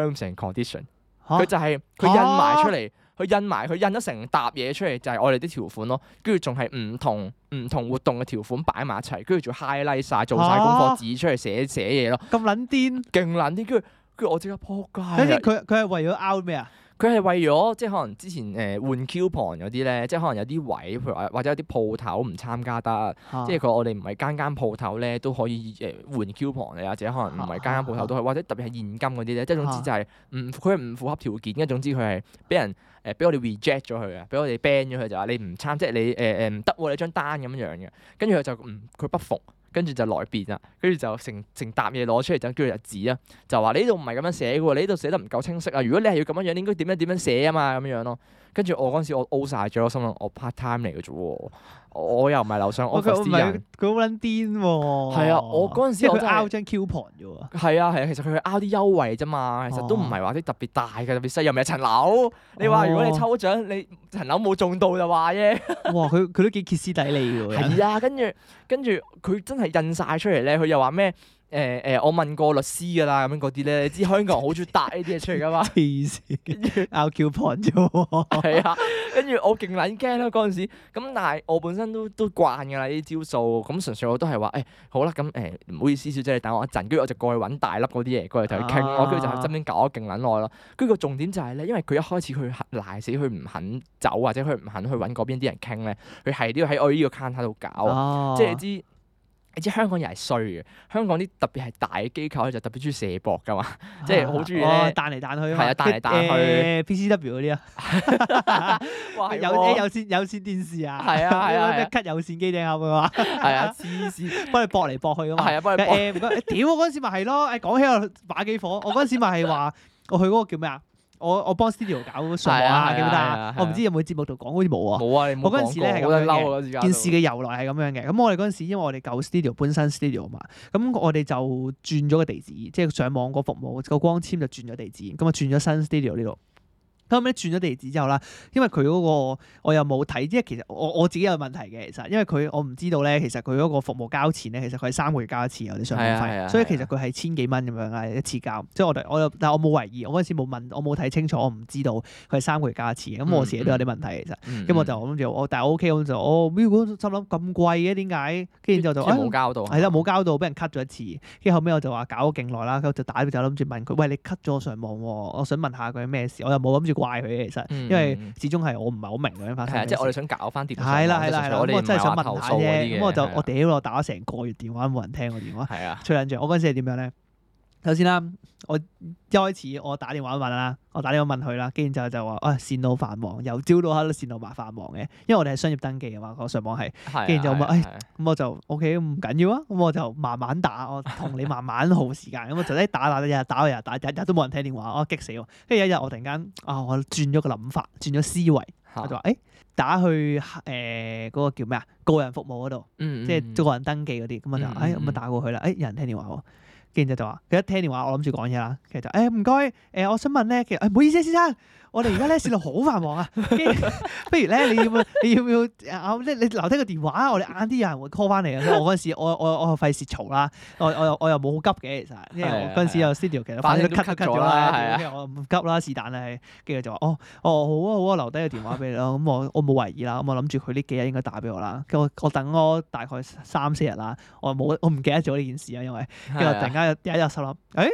Speaker 2: terms and condition，佢就係、是、佢印埋出嚟，佢、啊、印埋佢印咗成沓嘢出嚟，就係、是、我哋啲條款咯。跟住仲係唔同唔同活動嘅條款擺埋一齊，跟住 high 做 highlight 晒，做晒功課，指出嚟寫寫嘢咯。咁撚癲，勁撚癲，跟住跟住我即刻仆街。跟住佢佢係為咗 out 咩啊？佢係為咗即係可能之前誒、呃、換 coupon 嗰啲咧，即係可能有啲位，譬如話或者有啲鋪頭唔參加得，啊、即係佢我哋唔係間間鋪頭咧都可以誒換 coupon 嚟，或者可能唔係間間鋪頭都係，啊、或者特別係現金嗰啲咧，即係總之就係唔佢係唔符合條件嘅，總之佢係俾人誒俾、呃、我哋 reject 咗佢啊，俾我哋 ban 咗佢就話你唔參，即係你誒誒唔得喎，你張單咁樣嘅，跟住佢就唔佢不服。跟住就來辯啦，跟住就成成沓嘢攞出嚟就叫做日子啊，就話你呢度唔係咁樣寫㗎喎，你呢度寫得唔夠清晰啊，如果你係要咁樣樣，應該點樣點樣寫啊嘛，咁樣咯。跟住我嗰時我 out 曬咗，我心諗我 part time 嚟嘅啫喎，我又唔係樓上，我佢佢
Speaker 1: 好撚癲
Speaker 2: 喎。係、哦、啊，啊，我
Speaker 1: 嗰陣時我 out 張 coupon 啫喎。
Speaker 2: 係啊係啊，其實佢去 out 啲優惠啫嘛，其實都唔係話啲特別大嘅，特別細又唔係層樓。哦、你話如果你抽獎，你層樓冇中到就話啫。哦、 哇！佢佢都幾歇斯底里嘅喎。係 啊，跟住跟住佢真係印晒出嚟咧，佢又話咩？誒誒、欸欸，我問過律師㗎啦，咁樣嗰啲咧，你知香港人好中意打呢啲嘢出嚟噶嘛？黐線，拗撬 point 啫喎。婆婆啊， 啊，跟住我勁撚驚啦嗰陣時，咁但係我本身都都慣㗎啦呢啲招數，咁純粹我都係話誒好啦，咁誒唔好意思，小姐你等我一陣，跟住我就過去揾大粒嗰啲嘢過嚟同佢傾我跟住、啊、就喺側邊搞咗勁撚耐咯。跟住個重點就係咧，因為佢一開始佢肯賴死，佢唔肯走或者佢唔肯去揾嗰邊啲人傾咧，佢係都要喺我呢個 counter 喺度搞，啊、即係你知。你知香港人係衰嘅，香港啲特別係大機構咧就特別中意射博嘅嘛，啊、即係好中意咧彈嚟彈，欸、彈去，係啊彈嚟彈去，PCW 嗰啲啊，哎、有、欸、有線
Speaker 1: 有線電視啊，係啊係啊，一、啊、咳有線機頂盒啊，啊，啊搏搏嘛，係啊黐線，幫佢搏嚟搏去啊嘛，幫佢誒唔該，屌嗰陣時咪係咯，誒、欸、講、啊、起我把幾火，我嗰陣時咪係話我去嗰個叫咩啊？我我幫 studio 搞傻啊！啊記得。啊啊、我唔知有冇喺節目度講，好似冇啊。冇啊，我嗰陣時咧係咁樣嘅，件事嘅由來係咁樣嘅。咁我哋嗰陣時，因為我哋舊 studio 搬新 studio 嘛，咁我哋就轉咗個地址，即係上網個服務個光纖就轉咗地址，咁啊轉咗新 studio 呢度。咁咧轉咗地址之後啦，因為佢嗰個我又冇睇，即係其實我我自己有問題嘅其實，因為佢我唔知道咧，其實佢嗰個服務交錢咧，其實佢係三個月交一次有啲上網費，所以其實佢係千幾蚊咁樣啦一次交，即係我我又但我冇懷疑，我嗰陣時冇問，我冇睇清楚，我唔知道佢係三個月交一次咁、嗯、我自己都有啲問題、嗯、其實，咁我就諗住但係 OK 但我就哦如果心諗咁貴嘅點解？跟住我就冇交到，係啦冇交到，俾人 cut 咗一次，跟住後尾我就話搞咗勁耐啦，跟住就打就諗住問佢，喂，你 cut 咗我上網喎，我想問下佢咩事，我又冇諗住。怪佢嘅其實，因為始終係我唔係好明點、嗯、發生。即係我哋想搞翻電。係啦係啦係啦，我，我真係想問下啫。咁的我就我屌的我打成個月電話都冇人聽過電話。係啊，吹兩句。我嗰陣時係點樣咧？首先啦，我一開始我打電話問啦，我打電話問佢啦，跟住就就話，啊線路繁忙，由朝到黑都線路麻煩忙嘅，因為我哋係商業登記啊嘛，我、嗰個、上網係，跟住是、啊、就問，是啊、哎咁是、啊、我就 O K 唔緊要啊，咁我就慢慢打，我同你慢慢耗時間，咁 我就打打打打打打打日日都冇人聽電話，我激死喎，跟住有一日我突然間啊、哦，我轉咗個諗法，轉咗思維，我就話，哎打去誒嗰、呃嗰個叫咩啊個人服務嗰度，即係個人登記嗰啲，咁 我就，哎咁啊打過去啦，哎、哎、哎、哎、哎、哎、哎、哎、哎有人聽電話喎。 跟住就話，佢一聽電話，我諗住講嘢啦。其實就，誒唔該，誒、呃、我想問咧，其實，誒、哎、唔好意思、啊、先生。 我哋而家咧線路好繁忙啊，不 如咧你要唔你要唔要 啊？你，你留低個電話，我哋晏啲有人會 call 翻你嘅。我嗰時我我我費事嘈啦，我又我又我又冇好急嘅其實， 因為我嗰時有 studio 其實 反正咗 cut cut 咗啦，咁我唔急啦，是但係，跟住就話哦哦好啊好啊，好好好好好好留低個電話俾你咯。咁我我冇懷疑啦，咁我諗住佢呢幾日應該打俾我啦。跟住我我等我大概三四日啦，我冇我唔記得咗呢件事啊，因為跟住突然間有一日心諗，誒、哎。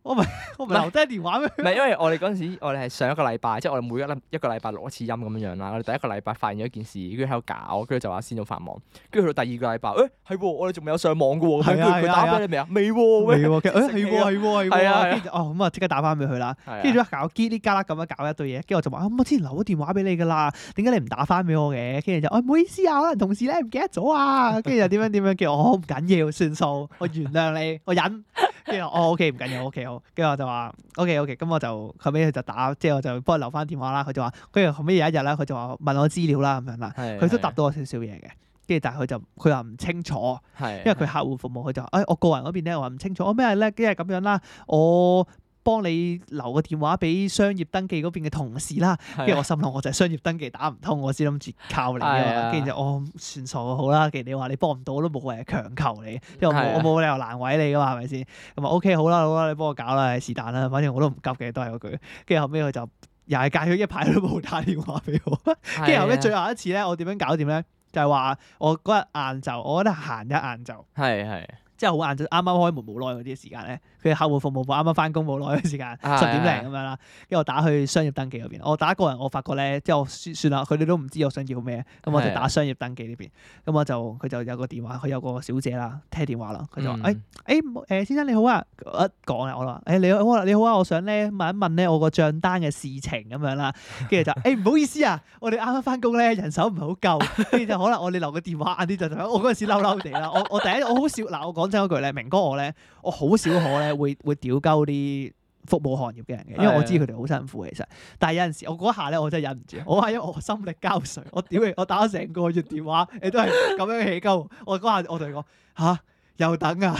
Speaker 2: 我唔，我唔留低電話俾佢，唔係，因為我哋嗰陣時，我哋係上一個禮拜，即係我哋每一一個禮拜錄一次音咁樣啦。我哋第一個禮拜發現咗一件事，跟住喺度搞，跟住就話先做繁忙。跟住去到第二個禮拜，誒係喎，我哋仲未有上網嘅喎。跟住佢打翻你未啊？未喎，未喎。誒係喎係喎係喎。係啊。哦咁啊，即刻打翻
Speaker 1: 俾佢啦。跟住再搞啲呢家啦咁樣搞一堆嘢。跟住我就話，我之前留咗電話俾你㗎啦，點解你唔打翻俾我嘅？跟住就，誒唔好意思啊，可能同事咧唔記得咗啊。跟住又點樣點樣叫我唔緊要，算數，我原諒你，我忍。跟住哦 OK，唔緊要，OK。 跟住我就話 OK OK，咁我就後尾佢就打，即係我就幫佢留翻電話啦。佢就話，跟住後尾有一日啦，佢就話問我資料啦咁樣啦，佢都答到我少少嘢嘅。跟住但係佢就佢話唔清楚，因為佢客戶服務佢就話誒、哎、我個人嗰邊咧，我話唔清楚我咩咧，即係咁樣啦，我。幫你留個電話俾商業登記嗰邊嘅同事啦，跟住是、啊、我心諗，我就係商業登記打唔通，我先諗住靠你是啊，跟住就哦算數好啦。既然你話你幫唔到，我都冇謂強求你，因為我冇是、啊、理由難為你噶嘛，係咪先？咁啊，O K，好啦好啦，你幫我搞啦，是但啦，反正我都唔急嘅，都係嗰句。跟住後尾，佢就又係隔咗一排都冇打電話俾我，跟 住後尾，最後一次咧、就是，我點樣搞掂咧？就係話我嗰日晏晝，我得閒一晏晝。係係。即係好晏就啱啱開門冇耐嗰啲時間咧，佢嘅客戶服務部啱啱翻工冇耐嘅時間，十的點零咁樣啦，跟住我打去商業登記嗰邊，我打個人我發覺咧，即係我算算啦，佢哋都唔知我想要咩，咁我就打商業登記呢邊，咁的我就佢就有個電話，佢有個小姐啦，聽電話啦，佢就話：誒誒誒，先生你好啊！一講啦，我話：誒你好，你好啊！我，我、哎、你好你好，我想咧問一問咧我個帳單嘅事情咁樣啦，跟住就誒唔、 哎、好意思啊，我哋啱啱翻工咧，人手唔係好夠，跟住 就可能我哋留個電話晏啲 就，我嗰陣時嬲嬲地啦，我我第一我好笑，嗱我講。真嗰句咧，明哥我咧，我好少可咧，會會屌鳩啲服務行業嘅人嘅， 因為我知佢哋好辛苦，其實。但係有陣時，我嗰下咧，我真係忍唔住， 我係因為我心力交瘁，我屌你，我打咗成個月電話，你都係咁樣起鳩， 我嗰下我同你講，嚇。又等啊！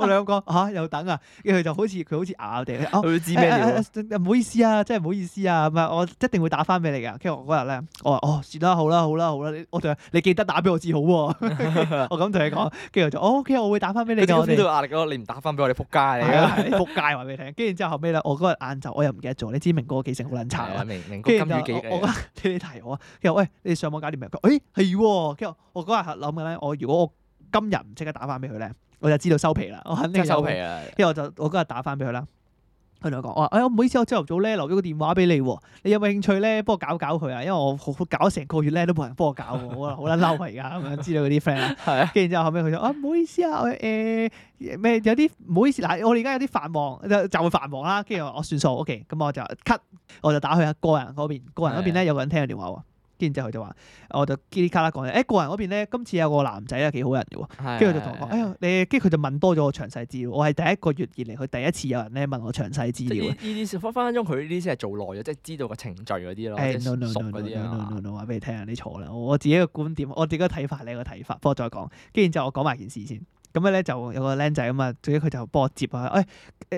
Speaker 1: 我兩個嚇又等啊，跟住佢就好似佢好似咬咬地咧。哦，佢知咩唔好意思啊，真係唔好意思啊。唔係我一定會打翻俾你嘅。跟住我嗰日咧，我話哦，是啦，好啦，好啦，好啦。我就你記得打俾我至好喎。我咁同你講，跟住就我 OK，我會打翻俾你嘅。知道壓
Speaker 2: 力咯，你唔打翻俾我，你撲街嚟啦，撲街話俾你聽。跟住之後
Speaker 1: 後尾咧，我嗰日晏晝我又唔記得咗。你知明哥記性好撚差啦，明明哥金宇記你提我，跟住我喂你上網搞掂名，誒係喎。跟住我嗰日諗嘅咧，我如果我，今日唔即刻打翻俾佢咧，我就知道收皮啦。我肯定收皮啦。跟住我就 我嗰日打翻俾佢啦，佢同我講：我話哎呀，唔好意思，我朝頭早咧留咗個電話俾你，你有冇興趣咧幫我搞搞佢啊？因為我好好搞成個月咧都冇人幫我搞，我好啦嬲，而家咁樣，知道嗰啲 friend，跟住之後後尾佢就啊，唔好意思啊，誒咩有啲唔好意思，嗱我而家，呃、有啲繁忙就就會繁忙啦。跟住我，我算數，OK，咁，嗯、我就 cut，我就打去下個人嗰邊，個人嗰邊咧有個人聽個電話喎。跟住之後佢就話，我就噼里卡啦講咧，誒個人嗰邊咧，今次有個男仔啊幾好人嘅喎，跟住佢就同我講，誒你，跟住佢就問多咗我詳細資料，我係第一個月以嚟，佢第一次有人咧問我詳細資料。
Speaker 2: 即係分分鐘佢呢啲先係做耐咗，即係知道個程序嗰啲咯，熟嗰
Speaker 1: 啲，話俾你聽下，你錯啦，我我自己嘅觀點，我自己嘅睇法，你個睇法，不過再講，跟住之後我講埋件事先。咁咧就有個靚仔啊嘛，總之佢就幫我接啊，誒、哎，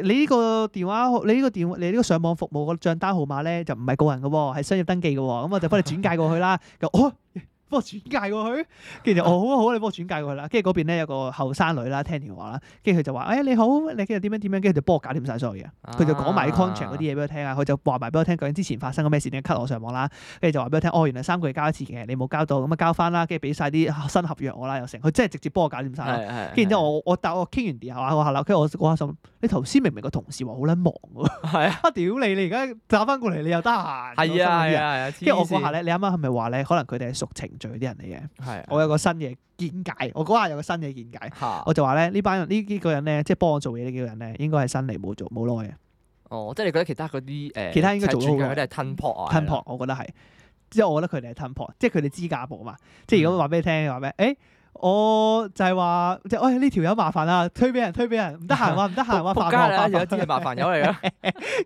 Speaker 1: 你呢個電話，你呢個電，你呢個上網服務個帳單號碼咧就唔係個人嘅喎，係商業登記嘅喎，咁、嗯、我就幫你轉介過去啦。 幫我轉介過去，跟住就哦好啊好啊，你幫我轉介過去啦。跟住嗰邊咧有個後生女啦，聽電話啦，跟住佢就話：誒、哎、你好，你跟住點樣點樣，跟住就幫我搞掂晒所有嘢。佢、啊、就講埋啲 contract 嗰啲嘢俾我聽啊，佢就話埋俾我聽，究竟之前發生過咩事，點樣 cut 我上網啦。跟住就話俾我聽：哦，原來三個月交一次嘅，你冇交到，咁啊交翻啦，跟住俾晒啲新合約我啦，又成。佢真係直接幫我搞掂晒啦。跟住之後我我我傾完電話我下樓，跟住我嗰下心，你頭先明明個同事話好撚忙㗎喎。係啊。屌你、啊！你而家打翻過嚟，你又得閒。係啊係啊係啊。跟住我嗰下咧，你啱啱係咪話你可能佢哋係熟情？做啲人嚟嘅，我有個新嘅見解，我嗰日有個新嘅見解，的我就話咧呢班呢呢、呢個人咧，即係幫我做嘢呢幾個人咧，應該係新嚟冇做冇耐
Speaker 2: 嘅。哦，即係你覺得其他嗰啲誒，呃、其他應該做嗰啲係吞 pot 啊，吞 pot< 扣>的我覺得係，
Speaker 1: 即係我覺得佢哋係吞 pot，即係佢哋資格薄嘛。即係如果話畀你聽，話咩誒。我就係、哎、話，即係喂呢條友麻煩啦，推俾人推俾人，唔得閒話唔得閒話，煩人。仆街啦，有啲麻
Speaker 2: 煩友嚟嘅。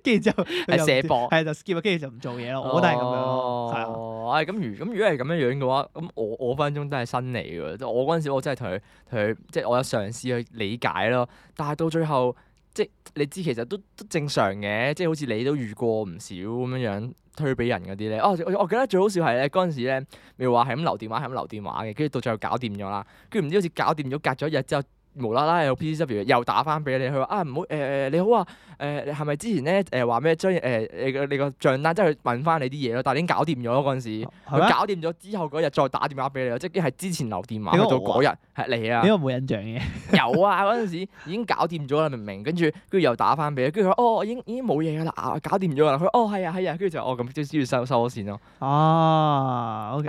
Speaker 1: 跟住就你射波，係就 skip，跟住就唔做嘢咯。我都係咁樣，
Speaker 2: 係啊。咁如咁如果係咁樣樣嘅話，咁我我分分鐘都係新嚟嘅。即我嗰陣時，我真係同佢同佢，即係我有嘗試去理解咯。但係到最後。即你知，其實都都正常嘅，即好似你都遇過唔少咁樣樣推俾人嗰啲咧。哦，我我記得最好笑係咧，嗰陣時咧未話係咁留電話，係咁留電話嘅，跟住到最後搞掂咗啦。跟住唔知好似搞掂咗，隔咗一日之後。無啦啦有 PCW 又打翻俾你，佢話啊唔好，誒誒你好啊，誒係咪之前咧誒話咩將誒誒你個你個帳單即係問翻你啲嘢咯，但係已經搞掂咗嗰陣時，佢搞掂咗之後嗰日再打電話俾你咯，即係係之前留電話到嗰日係你啊。呢個冇印象嘅。有啊，嗰陣時已經搞掂咗啦，明唔明？跟住跟住又打翻俾，跟住佢話哦我已經已經冇嘢噶啦，搞掂咗啦。佢話哦係啊係啊，跟住就哦咁即係先要收收我線咯。哦，我唔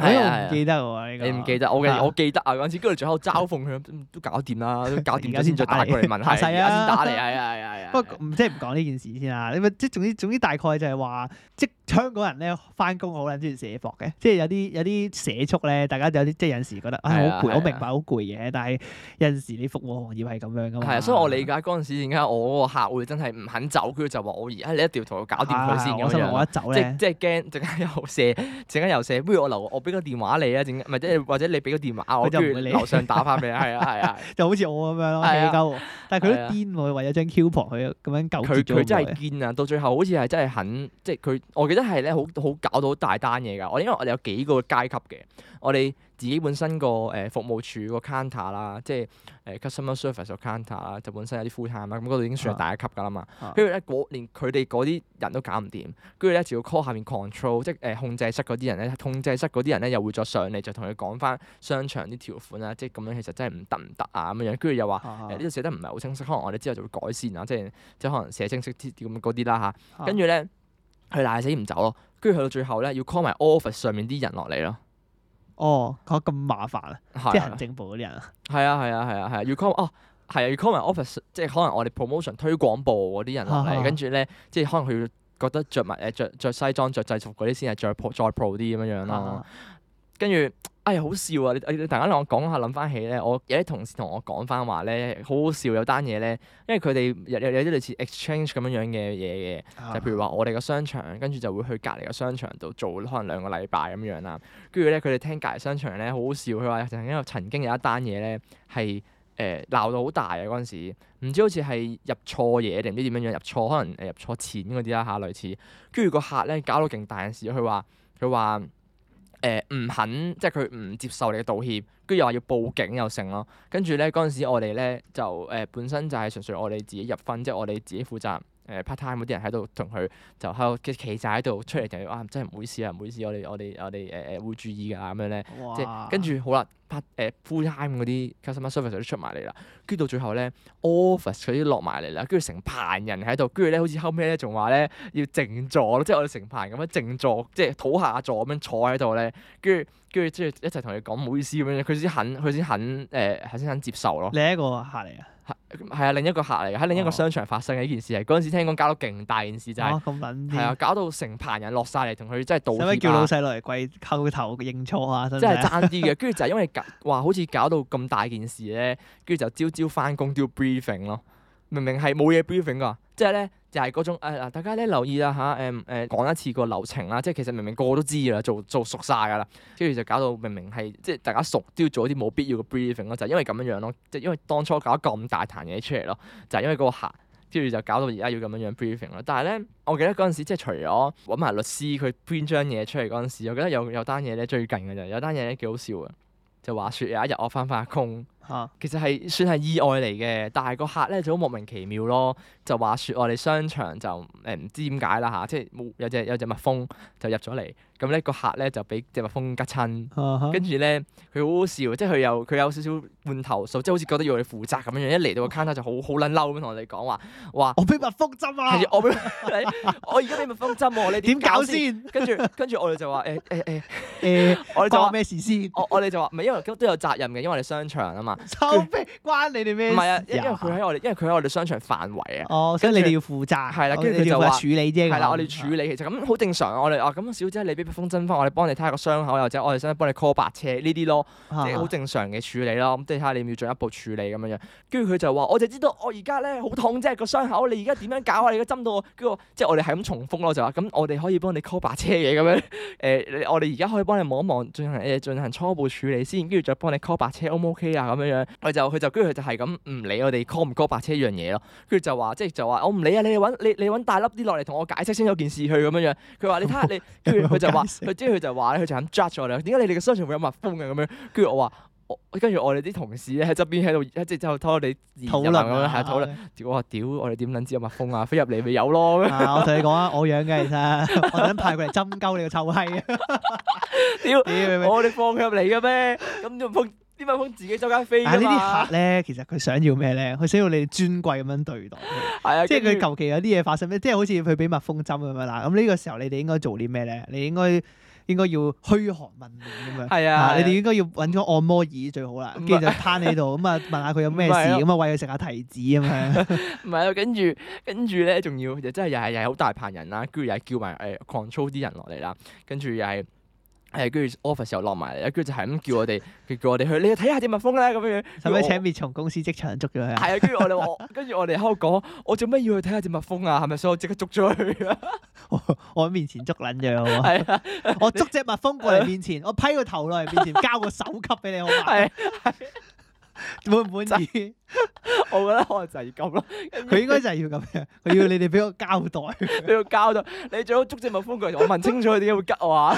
Speaker 2: 記得喎呢個。你唔記得？我記我記得啊嗰陣時，跟住仲喺度嘲諷佢都都搞掂啦。搞掂咗先再打佢問，係啊，先打嚟，係啊，
Speaker 1: 係啊， 不過唔即係唔講呢件事先啊。你咪即係總之總之大概就係話，即香港人咧翻工好撚中意寫博嘅，即係有啲有啲寫速咧，大家有啲即係有陣時覺得係好攰，我明白好攰嘅，但係有陣
Speaker 2: 時你服務行業係咁樣嘅嘛、啊啊。所以我理解嗰陣時點解我個客戶真係唔肯走，佢就話我而家、哎、你一定要同我搞掂佢先，我心我一走係即係驚，陣間又寫，陣間又寫。不如我留我俾個電話你啊，整唔或者你俾個電話我，就我你樓上打翻俾你。係啊係啊，啊啊
Speaker 1: 就好似我。咁樣咯，但係佢都癲喎， 為咗張 Q 磅佢咁樣糾佢，佢真係癲
Speaker 2: 啊！到最後好似係真係肯，即係佢，我記得係咧，好好搞到好大單嘢㗎。我因為我哋有幾個階級嘅，我哋。 自己本身個誒服務處個 counter 啦，即係誒 customer service 個 counter 啦，就本身有啲 full time 啦，咁嗰度已經算係大一級噶啦嘛。跟住咧，嗰連佢哋嗰啲人都搞唔掂，跟住咧就要 call 下面 control，即係誒控制室嗰啲人咧，控制室嗰啲人咧又會再上嚟，就同佢講翻商場啲條款啦，即係咁樣其實真係唔得唔得啊咁樣。跟住又話誒呢度寫得唔係好清晰，可能我哋之後就會改善啊，即係即係可能寫清晰啲咁嗰啲啦吓，跟住咧，佢賴死唔走咯，跟住去到最後咧要 call 埋 office 上面啲人落嚟咯。
Speaker 1: 哦，咁咁麻煩啊！即係行政
Speaker 2: 部嗰啲人啊，係啊，係啊，係啊，係啊，要 call 哦，係啊要 call my office，即係可能我哋 promotion 推廣部嗰啲人，係。跟住咧，即係可能佢要覺得着埋誒着著西裝着制服嗰啲先係再 pro 再 pro 啲咁樣樣啦。 跟住，哎呀好笑啊！你你突然間同我講下，諗翻起咧，我有啲同事同我講翻話咧，好好笑有單嘢咧，因為佢哋有有有啲類似 exchange 咁樣樣嘅嘢嘅，就譬如話我哋個商場，跟住就會去隔離個商場度做可能兩個禮拜咁樣啦。跟住咧，佢哋聽隔離商場咧，好好笑。佢話曾經曾經有一單嘢咧，係誒鬧到好大啊！嗰陣時唔知好似係入錯嘢定唔知點樣樣入錯，可能入錯錢嗰啲啦下類似。跟住個客咧，搞到勁大件事，佢話佢話。誒唔、呃、肯，即係佢唔接受你嘅道歉，跟住又話要報警又成咯。跟住咧嗰陣時我呢，我哋咧就誒、呃、本身就係純粹我哋自己入分，即係我哋自己負責誒、呃、part time 嗰啲人喺度同佢就喺度企晒喺度出嚟，就話、啊、真係唔好意思啊，唔好意思，我哋我哋我哋誒誒會注意㗎咁樣咧。即係跟住好啦。拍誒、啊、full time 嗰啲 customer service 都出埋嚟啦，跟住到最後咧 office 嗰啲落埋嚟啦，跟住成排人喺度，跟住咧好似後尾咧仲話咧要靜坐咯，即係我哋成排人咁樣靜坐，即係土下坐咁樣坐喺度咧，跟住跟住即係一齊同佢講唔好意思咁樣，佢先肯佢先肯誒，佢、呃、先肯接受咯。另一個客嚟啊，係啊，另一個客嚟嘅，喺另一個商場發生嘅呢件事係嗰陣時聽講搞到勁大件事就係、是、係、哦、啊，搞到成排人落晒嚟同佢即係道歉、啊。使乜叫老細落嚟跪叩頭認錯啊？真係爭啲嘅，跟住就係因為。哇！好似搞到咁大件事咧，跟住就朝朝翻工都要 briefing 咯。明明係冇嘢 briefing 噶，即係咧就係、是、嗰種誒、呃、大家咧留意啦嚇誒誒講一次個流程啦。即係其實明明個個都知啦，做做熟晒噶啦，跟住就搞到明明係即係大家熟都要做啲冇必要嘅 briefing 咯，就因為咁樣樣咯，即係因為當初搞咁大壇嘢出嚟咯，就係、是、因為嗰個客，跟住就搞到而家要咁樣樣 briefing 咯。但係咧，我記得嗰陣時即係除咗揾埋律師，佢 print 張嘢出嚟嗰陣時，我記得有有單嘢咧最近嘅就有單嘢咧幾好笑嘅。就話説，有一日我翻返工。其實係算係意外嚟嘅，但係個客咧就好莫名其妙咯，就話説我哋商場就誒唔知點解啦嚇，即係冇有隻有隻蜜蜂就入咗嚟，咁咧個客咧就俾隻蜜蜂吉親，跟住咧佢好好笑，即係佢有佢有少少半頭數，即係好似覺得要你負責任咁樣，一嚟到個 counter 就好好撚嬲咁同我哋講話，話我俾蜜蜂針啊！ 我俾、啊 啊、你 我我，我而家俾
Speaker 1: 蜜蜂針喎，你點搞先？
Speaker 2: 跟住跟住我哋就話誒誒誒誒，我哋就話咩事先？我我哋就話唔係因為都有責任嘅，因為你商場啊嘛。收皮關你哋咩事啊？唔係啊，因為佢喺我哋，因為佢喺我哋商場範圍啊。哦。所以你哋要負責。係啦，跟住就話處理啫。係啦，我哋處理，其實咁好正常。我哋哦，咁小姐你俾筆針翻，我哋幫你睇下個傷口，或者我哋想幫你 call 白車呢啲咯，啲好正常嘅處理咯。咁即係睇下你要進一步處理咁樣樣。跟住佢就話，我就知道我而家咧好痛，即係個傷口。你而家點樣搞啊？你個針到我，叫我即係我哋係咁重複咯。就話咁，我哋可以幫你 call 白車嘅咁樣。誒，我哋而家可以幫你望一望，進行進行初步處理先，跟住再幫你 call 白車，O 唔 O K 啊？咁咁樣，佢就佢就，跟住佢就係咁唔理我哋 call 唔 call 白車一樣嘢咯。跟住就話，即係就話我唔理啊！你哋揾你你揾大粒啲落嚟，同我解釋清楚件事佢咁樣樣。佢話你睇下你，跟住佢就話，佢即係佢就話佢就咁 judge 我哋。點解你哋嘅商場會有蜜蜂嘅咁樣？跟住我話，跟住我哋啲同事咧喺側邊喺度一直就拖你討論咁樣，係討論。我話屌，我哋點撚知有蜜蜂啊？飛入嚟咪有咯。我同你講啊，我養嘅，其實我想派佢嚟針鳩你個臭閪。屌，我哋放佢入嚟嘅咩？咁啲蜜蜂自己周街飛㗎嘛！啊，呢啲客
Speaker 1: 咧，其實佢想要咩咧？佢想要你哋尊貴咁樣對待。係啊，即係佢求其有啲嘢發生，即係好似佢俾蜜蜂針咁樣啦。咁呢個時候你哋應該做啲咩咧？你應該應該要噓寒問
Speaker 2: 暖咁樣。係 啊， 你哋
Speaker 1: 應該要揾張按摩椅最好啦。跟住 就攤喺度，咁啊問下佢有咩事，咁啊餵佢食下提子啊嘛。
Speaker 2: 唔係啊，跟住跟住咧，仲要又真係又係又係好大棚人啦，跟住又係叫埋誒狂粗啲人落嚟啦，跟住又係。係，跟住 office 又落埋嚟，跟住就係咁叫我哋， 叫我哋去，你去睇下隻蜜蜂啦咁樣，使唔使請滅蟲公司即場捉咗佢啊？係 啊，跟住我哋話，跟住我哋喺度講，我做咩要去睇下隻蜜蜂啊？係咪？所以我即刻捉咗佢，
Speaker 1: 我面前捉撚樣。係啊，
Speaker 2: 的我捉隻蜜蜂過嚟面前，
Speaker 1: 我批個頭落嚟面， 面前，交個首級俾你，好嘛？係是的。 滿唔滿意？
Speaker 2: 我覺得可能就係咁咯，佢應該就係要咁樣，佢 要你哋俾個交代，俾個交代，你最好捉隻蜜蜂過嚟， 我問清楚佢點解會吉我啊，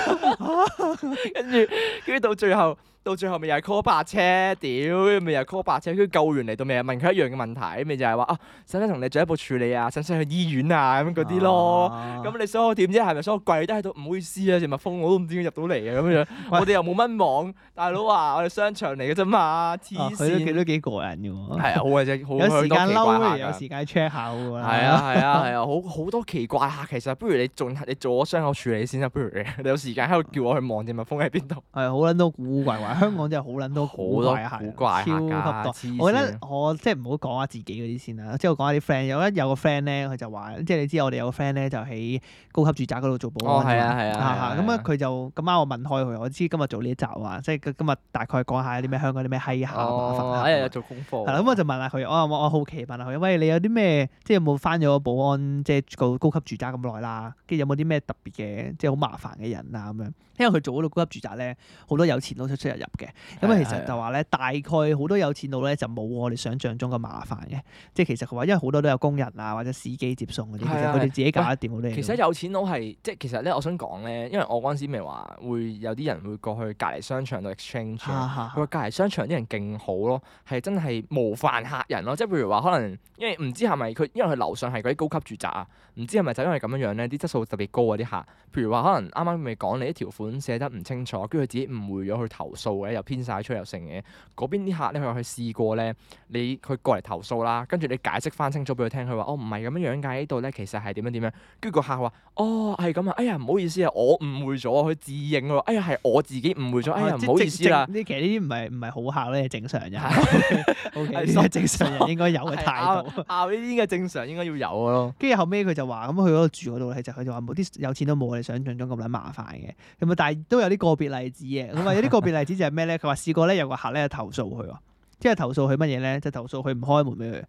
Speaker 2: 跟住，跟住到最後。到最後咪又係 call 白車，屌咪又係 call 白車。佢救援嚟到咪啊？問佢一樣嘅問題，咪就係話啊，想唔想同你進一步處理啊？使唔使去醫院啊？咁嗰啲咯。咁你想我點啫？係咪想我跪低喺度？唔好意思風啊，隻蜜蜂我都唔知佢入到嚟啊。咁樣。我哋又冇乜網，大佬啊，我哋商場嚟嘅啫嘛。黐線都幾都幾過癮嘅喎。係啊，好啊，即係 有時間嬲嘅有時
Speaker 1: 間 check 下喎。係 啊，係啊，係啊，啊啊
Speaker 2: 啊啊啊好好多奇怪客其實，不如你仲你做咗傷口處理先啊。不如你， 你有時間喺度叫我去望隻蜜蜂喺邊度？係好撚多古怪。話。
Speaker 1: 香港真係好撚多，古怪啊，古怪超級多。我覺得我即係唔好講下自己嗰啲先啦，即係我講下啲 friend。有一有個 friend 咧，佢就話，即係你知我哋有個 friend 咧，就喺高級住宅嗰度做保安。哦，啊，係啊，咁啊，佢就咁啱我問開佢，我知今日做呢一集啊，即係今日大概講下啲咩香港啲咩閪客啊，煩啊、哎，
Speaker 2: 做功課。咁、
Speaker 1: 嗯、我就問下佢，我我好奇問下佢，喂，你有啲咩，即、就、係、是、有冇翻咗保安，即係高高級住宅咁耐啦，跟住有冇啲咩特別嘅，即係好麻煩嘅人啊咁樣？因為佢做嗰度高級住宅咧，好多有錢佬出出入入嘅。咁啊、嗯，其實就話咧，嗯、大概好多有錢佬咧就冇我哋想象中咁麻煩嘅。即係其實佢話，因為好多都有工人啊，或者司機接送嗰啲，嗯、其實佢哋自己搞得掂好多嘢、嗯、其實
Speaker 2: 有錢佬係即係其實咧，我想講咧，因為我嗰陣時咪話會有啲人會過去隔離商場度 exchange、啊。佢、啊、話隔離商場啲人勁好咯，係真係模範客人咯。即係譬如話，可能因為唔知係咪佢，因為佢樓上係嗰啲高級住宅啊，唔知係咪就因為咁樣樣咧，啲質素特別高嗰啲客。譬如話，可能啱啱咪講你一條寫得唔清楚，跟住佢自己誤會咗去投訴嘅，又編晒出又成嘅。嗰邊啲客咧，佢去試過咧，你佢過嚟投訴啦，跟住你解釋翻清楚俾佢聽，佢話：哦，唔係咁樣樣，解呢度咧，其實係點樣點樣。跟住個客話：哦，係咁啊，哎呀，唔好意思啊，我誤會咗，佢自認喎，哎呀，係我自己誤會咗，啊、哎呀，唔好意思啦。呢
Speaker 1: 其實呢啲唔係唔係好客咧，正常嘅。
Speaker 2: 係，呢啲正常人應該有嘅態度。咬呢啲嘅正常應該要有咯。
Speaker 1: 跟住後尾，佢就話：咁去嗰度住嗰度咧，就佢就話冇啲，有錢都冇，你想象中咁撚麻煩嘅咁但係都有啲個別例子嘅，咁啊有啲個別例子就係咩咧？佢話試過咧，有個客咧投訴佢喎， 即係投訴佢乜嘢咧？就投訴佢唔開門俾佢，嚇、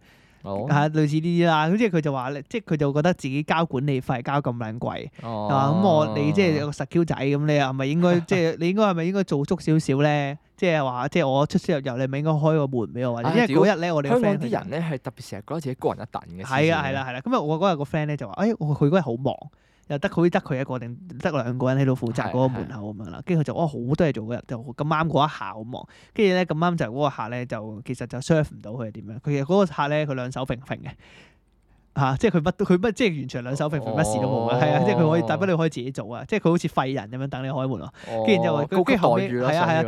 Speaker 1: oh. 類似呢啲啦。咁即係佢就話咧，即係佢就覺得自己交管理費交咁撚貴，咁、oh. 嗯、我你即係有個實 Q 仔咁，你係咪應該即係 你應該係咪應該做足少少咧？即係話即係我出出入入，你咪應該開個門俾我。因為嗰日咧，我哋啲人
Speaker 2: 咧係特別成日覺得自己高人一等嘅。係啦係啦係
Speaker 1: 啦。咁我嗰日個 friend 咧就話：哎，佢嗰日好忙。又得佢得佢一個定得兩個人喺度負責嗰個門口咁樣啦，跟住佢就哇多就好多嘢做嗰就咁啱嗰一下咁望，跟住咧咁啱就嗰個客咧就其實就 serve 唔到佢點樣。佢其實嗰個客咧佢兩手平平嘅，嚇、啊，即係佢乜佢乜即係完全兩手平平乜、哦、事都冇嘅，係啊，即係佢可以大不了你可以自己做啊，即係佢好似廢人咁樣等你開門喎，跟住、哦、就話，跟住、啊、後屘跟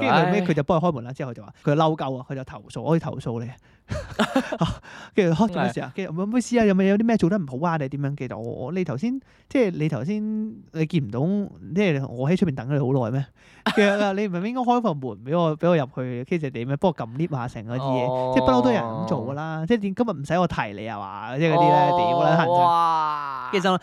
Speaker 1: 住後屘佢就幫佢開門啦，之後就話佢嬲鳩啊，佢就投訴，我可以投訴你。跟住開做咩事啊？跟住有冇咩事啊？有冇有啲咩做得唔好啊？定係點樣？其實我我你頭先即係你頭先你見唔到，即係我喺出邊等咗你好耐咩？你唔係應該開個門俾我俾我入去？跟住點咩？幫我撳 lift 啊，成嗰啲嘢，哦、即係不嬲都有人咁做噶啦。即係今日唔使我提你啊嘛，即係嗰啲咧點啦？跟住、哦、就跟、是、住哇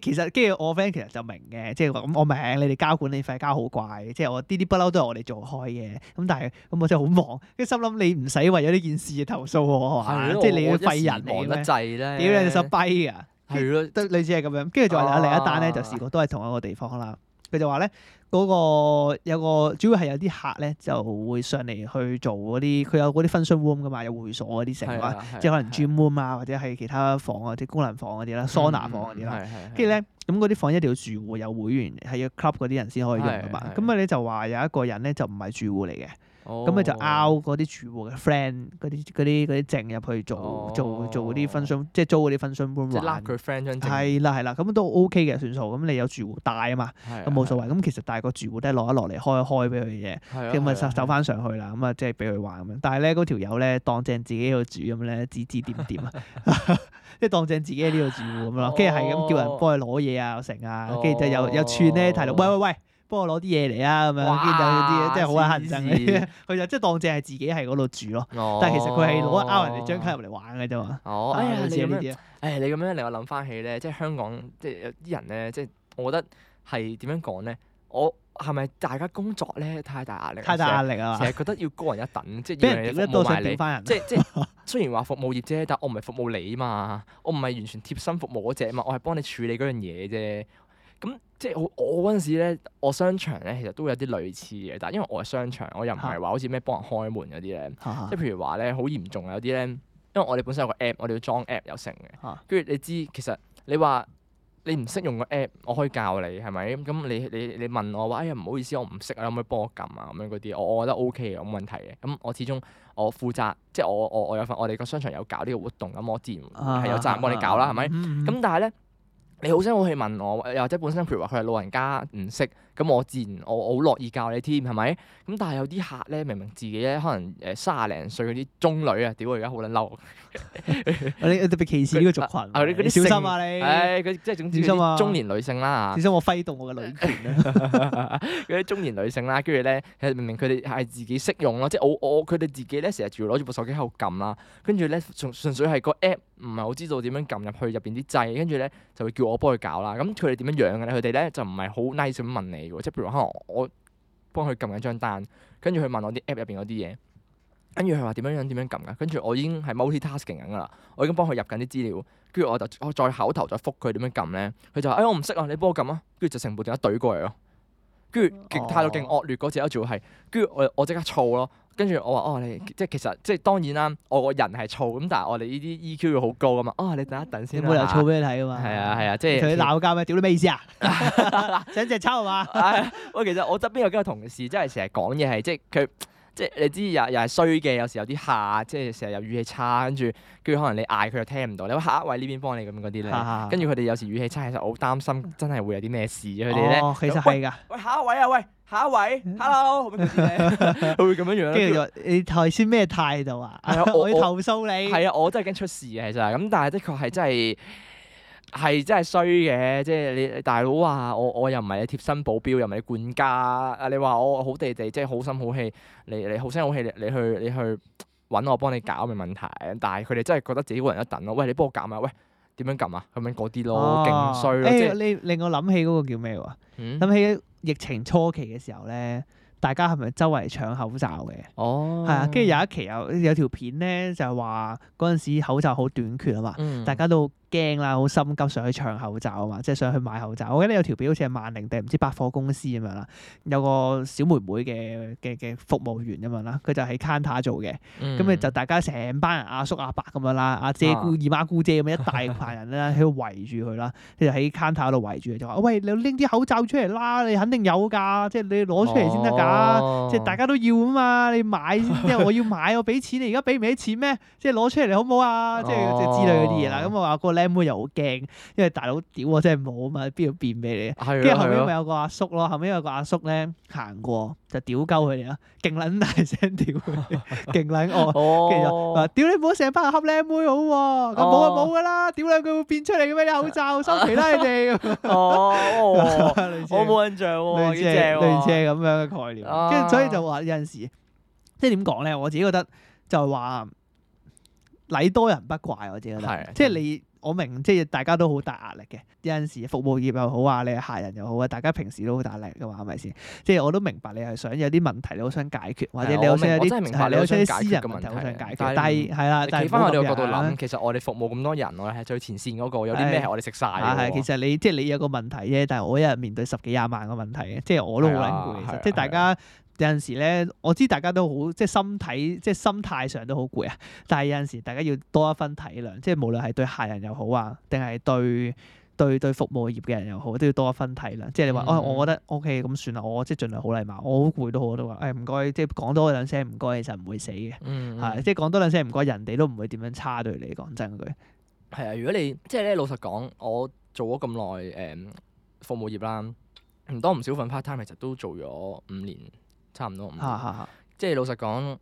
Speaker 1: 其實跟住我 friend 其，其，其，其實就明嘅，即係話我明你哋交管理費交好貴，即係我啲啲不嬲都係我哋做開嘅。咁但係咁我真係好忙，跟住心諗你唔使為咗呢件事數我啊！即係你要廢人嚟嘅咩？屌你隻手跛啊！係咯，類似係咁樣。跟住仲有另一單咧，就試過都係同一個地方啦。佢就話咧，嗰個有個主要係有啲客咧，就會上嚟去做嗰啲。佢有嗰啲 function room 噶嘛，有會所嗰啲成嘛，即係可能 gym room 啊，或者係其他房啊，啲功能房嗰啲啦，桑拿房嗰啲啦。跟住咧，咁嗰啲房一定要住戶有會員係要 club 嗰啲人先可以用噶嘛。咁啊，你就話有一個人咧，就唔係住戶嚟嘅。咁咪就拗嗰啲住戶嘅 friend，嗰啲嗰啲嗰啲掟入去做做做嗰啲 function，即係租嗰啲 function room。即係拉佢 friend 張梯。係啦係啦，咁都 OK 嘅算數。咁你有住戶帶啊嘛，咁冇所謂。咁其實帶個住戶都係攞一攞嚟開一開俾佢嘅，咁咪走走翻上去啦。咁啊即係俾佢玩咁，但係咧，嗰條友咧當正自己喺度住咁咧，指指點點啊，即係當正自己喺呢度住咁咯。跟住係咁叫人幫佢攞嘢啊又成啊，跟住就有又串咧睇到，喂喂喂！幫我攞啲嘢嚟啊！咁樣見到啲即係好乞人憎啲，佢就即係當正係自己喺嗰度住咯。但係其實佢係攞人哋張卡入嚟玩嘅啫嘛。
Speaker 2: 哦，哎呀，你咁樣，哎你咁樣令我諗翻起咧，即係香港即係有啲人咧，即係我覺得係點樣講咧？我係咪大家工作咧太大壓力？太大壓力啊！成日覺得要高人一等，即係屌都到時屌翻人。即係即係，雖然話服務業啫，但我唔係服務你啊嘛，我唔係完全貼心服務嗰隻啊嘛，我係幫你處理嗰樣嘢啫。咁、嗯、即係我嗰陣時咧，我商場咧其實都有啲類似嘅，但係因為我係商場，我又唔係話好似咩幫人開門嗰啲咧，啊、即係譬如話咧好嚴重有啲咧，因為我哋本身有個 app，我哋要裝 app 有成嘅，跟住、啊、你知其實你話你唔識用個 app，我可以教你係咪？咁你你你問我話，哎呀唔好意思，我唔識啊，可唔可以幫我撳啊咁樣嗰啲，我我覺得 O K 嘅，冇問題嘅。咁我始終我負責，即係我我我有份，我哋個商場有搞呢個活動咁，我自然係有責任幫你搞啦，係咪、啊？咁但係咧。你好聲好氣問我，又或者本身譬如話佢係老人家唔識。咁我自然我好樂意教你添，係咪？咁但係有啲客咧，明明自己咧可能誒三廿零歲嗰啲中女 啊，屌我而家好撚嬲，我哋特別歧視呢個族群，羣。小心啊你！誒、哎，佢即係一種小心啊。是是中年女性啦嚇，小心、啊啊、我揮動我嘅女權啊！嗰啲 中年女性啦，跟住咧，明明佢哋係自己識用咯，即係我我佢哋自己咧成日仲要攞住部手機喺度撳啦，跟住咧純粹係個 app 唔係好知道點樣撳入去入邊啲掣，跟住咧就會叫我幫佢搞啦。咁佢哋點樣樣嘅咧？佢哋咧就唔係好 nice 咁問你。即係譬如可能我幫佢撳緊張單，跟住佢問我啲 app 入邊嗰啲嘢，跟住佢話點樣點樣點樣撳噶，跟住我已經係 multitasking 緊噶啦，我已經幫佢入緊啲資料，跟住我就我再口頭再覆佢點樣撳咧，佢就話誒、哎、我唔識啊，你幫我撳啊，跟住就成部電話懟過嚟咯，跟住態度勁惡劣嗰次咧仲要係，跟住我我即刻燥咯。跟住我話哦，你即係其實即係當然啦，我個人係燥咁，但係我哋呢啲 EQ 要好高啊嘛。哦，你等一等先，冇理由燥俾你睇啊嘛。係啊係啊，啊，即啊，即係。佢鬧交咩？屌你咩意思啊？想隻抽係嘛？喂、 哎，其實我側邊有幾個同事真，真係成日講嘢係即係佢。即係你知又又係衰嘅，有時有啲下，即係成日有語氣差，跟住跟住可能你嗌佢又聽唔到。你喂下一位呢邊幫你咁嗰啲咧，跟住佢哋有時語氣差，其實我好擔心，真係會有啲咩事佢哋咧。哦，其實係㗎。喂，喂下一位啊，喂下一位、嗯、，hello。佢 會咁樣樣。跟住 后你頭先咩態度啊？啊我， 我要投訴你。係啊，我真係驚出事嘅，其實咁，但係的確係真係。 係真係衰嘅，即係你大佬話我我又唔係你貼身保鏢，又唔係你管家啊！你話我好地地，即係好心好氣，你你好聲好氣，你去你去揾我幫你搞咪問題。但係佢哋真係覺得自己高人一等咯。喂，你幫我搞咪？喂，點樣撳啊？咁樣嗰啲咯，勁衰、哦。誒，欸、即係
Speaker 1: 你令我諗起嗰個叫咩喎？諗、嗯、起疫情初期嘅時候咧，大家係咪周圍搶口罩嘅？
Speaker 2: 哦，係啊，跟住有
Speaker 1: 一期有有條片咧，就係話嗰陣時口罩好短缺啊嘛，嗯、大家都～驚啦，好心急上去搶口罩啊嘛，即係上去買口罩。我記得有條片好似係萬寧定唔知百貨公司咁樣啦，有個小妹妹嘅嘅嘅服務員咁樣啦，佢就喺 counter 做嘅，咁咪就大家成班人阿叔阿伯咁樣啦，阿姐姑姨媽姑姐咁樣一大群人啦，喺度、啊、 圍住佢啦，佢就喺 counter 度圍住佢，就話，喂，你拎啲口罩出嚟啦，你肯定有㗎，即係你攞出嚟先得㗎，哦、即係大家都要啊嘛，你買， 即係我要買，我俾錢，你而家俾唔起錢咩？即係攞出嚟好唔好啊？即係即係之類嗰啲嘢啦，咁我話個咧。 僆妹又好驚，因為大佬屌我真係冇啊嘛，邊度變俾你？跟住後面咪有個阿叔咯，後邊有個阿叔咧行過就屌鳩佢哋啦，勁撚大聲屌佢，勁撚惡。其實屌你唔好成班人恰僆妹好喎，咁冇就冇噶啦，屌兩句會變出嚟嘅咩？口罩收皮啦你哋。我冇印象喎，類似類似咁樣嘅概念。跟住所以就話有陣時，即係點講咧？我自己覺得就係話禮多人不怪，我自己覺得，即係你。我明，即係大家都好大壓力嘅。有陣時服務業又好啊，你係客人又好啊，大家平時都好大壓力嘅嘛，係咪先？即係我都明白你係想有啲問題，你好想解決，或者你有啲，明白，明白是你有啲私人嘅問題想解決。但係係啦，但係翻、嗯、但我哋角度諗，啊、其
Speaker 2: 實我哋服務咁多人，我係最前線嗰、那個，有啲咩我哋食晒？係、哎哎、其實
Speaker 1: 你即係你有個問題啫，但係我一日面對十幾廿萬個問題嘅，即係我都好攰。即係大家。有陣時咧，我知大家都好，即係心體，即係心態上都好攰啊！但係有陣時，大家要多一分體諒，即係無論係對客人又好啊，定係對對對服務業嘅人又好，都要多一分體諒。即係你話，哦、嗯哎，我覺得 OK，咁算啦，我即係盡量好禮貌，我好攰都好，我都話，誒唔該，即係講多兩聲唔該，其實唔會死嘅，係、嗯嗯啊、即係講多兩聲唔該，人哋都唔會點
Speaker 2: 樣差對你講真句。係啊，如果你即係咧，老實講，我做咗咁耐誒服務業啦，唔多唔少份 part time，其實都做咗五年。差唔多， 即係老實講，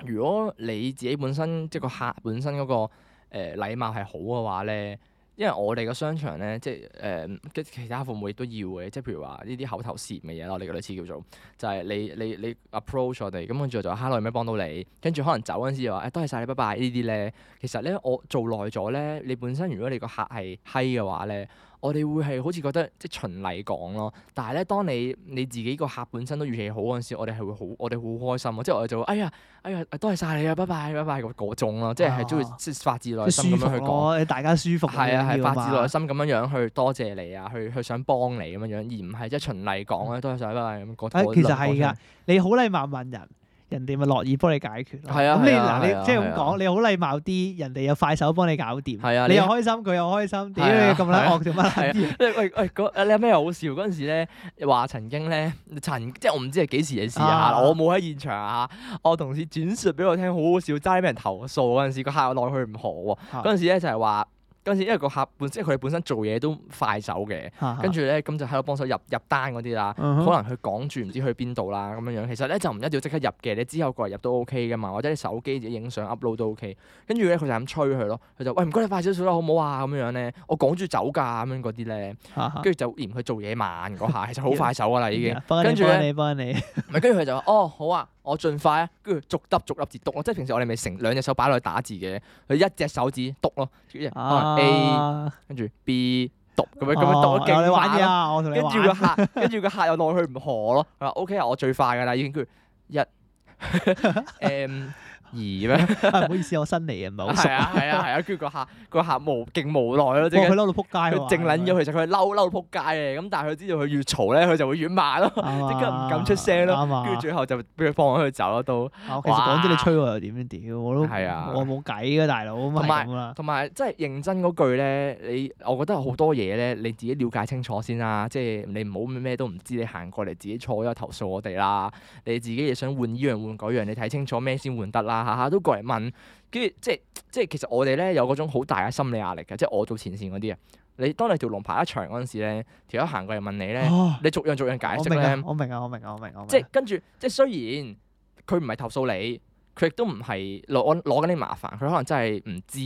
Speaker 2: 如果你自己本身即係個客本身嗰、那個誒、呃、禮貌係好嘅話咧，因為我哋個商場咧，即係誒跟其他服務員都要嘅，即係譬如話呢啲口頭禪嘅嘢咯，我哋嘅類似叫做就係、是、你你你 approach 我哋，咁跟住就話 hello 有咩幫到你，跟住可能走嗰陣時就話、哎、多謝曬你，拜拜呢啲咧，其實咧我做耐咗咧，你本身如果你個客係閪嘅話咧。我哋會係好似覺得即係循例講咯，但係咧，當你你自己個客本身都越嚟越好嗰陣時，我哋係會好，我哋好開心啊！即係我哋就會哎呀，哎呀，多謝晒你啊，拜拜拜拜嗰種咯，即係係中意即發自內心咁樣去講、
Speaker 1: 哦，大家舒服、嗯，係啊，係發自內
Speaker 2: 心咁樣樣去多謝你啊，去去想幫你咁樣樣，而唔係即係循例講咧，多謝晒拜拜咁嗰。其實係噶種，你好禮貌問人。人哋咪樂意幫你解決咯。係啊，咁你嗱你即係咁講，你好禮貌
Speaker 1: 啲，人哋又快手幫你搞掂。係啊，你又開
Speaker 2: 心，佢又開心，
Speaker 1: 點解要咁撚惡做乜？
Speaker 2: 係啊，你喂喂，你有咩好笑？嗰陣時咧話曾經咧，曾即係我唔知係幾時嘅事啊！我冇喺現場啊，我同事轉述俾我聽，好好笑，齋俾人投訴嗰陣時，個客又去唔好喎。嗰陣時咧就係話。跟住因為個客本身，佢哋本身做嘢都快手嘅，跟住咧咁就喺度幫手入入單嗰啲啦，嗯、哼可能佢趕住唔知去邊度啦咁樣樣，其實咧就唔一定要即刻入嘅，你之後過嚟入都 O K 嘅嘛，或者你手機自己影相 upload 都 O、OK, K。跟住咧佢就咁催佢咯，佢就喂，唔該你快少少啦好唔好啊？咁樣咧我趕住走㗎，咁樣嗰啲咧，跟住、啊、就嫌佢做嘢慢嗰下， 其實好快手㗎啦已經。跟住幫你幫你，唔係跟住佢就話哦，好啊，我盡快啊，跟住逐粒逐粒字篤咯，即係平時我哋咪成兩隻手擺落去打字嘅，佢一隻手指篤咯， 啊 A 跟住、佢話、B 讀咁樣咁讀勁玩啊！我同你玩，跟住個客， 跟住個客又奈佢唔何咯。啊，OK 啊，我最快㗎喇，已經跟住一，誒。 um, 疑咩？唔好意思，我新嚟嘅，唔係好熟。係啊係啊係啊！跟住個客，個客無勁無奈咯，即係佢嬲到撲街。佢正撚咗，其實佢嬲嬲到撲街嘅。咁但係佢知道佢越嘈咧，佢就會越慢咯，即刻唔敢出聲咯。跟住最後就俾佢放咗佢走咯。都其實講真，你吹我又點？屌我都係啊！我冇計㗎，大佬。同埋同埋，即係認真嗰句咧，你我覺得好多嘢咧，你自己了解清楚先啦。即係你唔好咩都唔知，你行過嚟自己錯咗投訴我哋啦。你自己又想換依樣換嗰樣，你睇清楚咩先換得啦。下下都過嚟問，跟住即係即係，其實我哋咧有嗰種好大嘅心理壓力嘅，即係我做前線嗰啲啊。你當你條龍排一場嗰陣時咧，條友行過嚟問你咧，哦、你逐樣逐樣解釋，我明啊，我明啊，我明啊，即係跟住，即係雖然佢唔係投訴你，佢亦都唔係攞攞緊啲麻煩，佢可能真係唔知，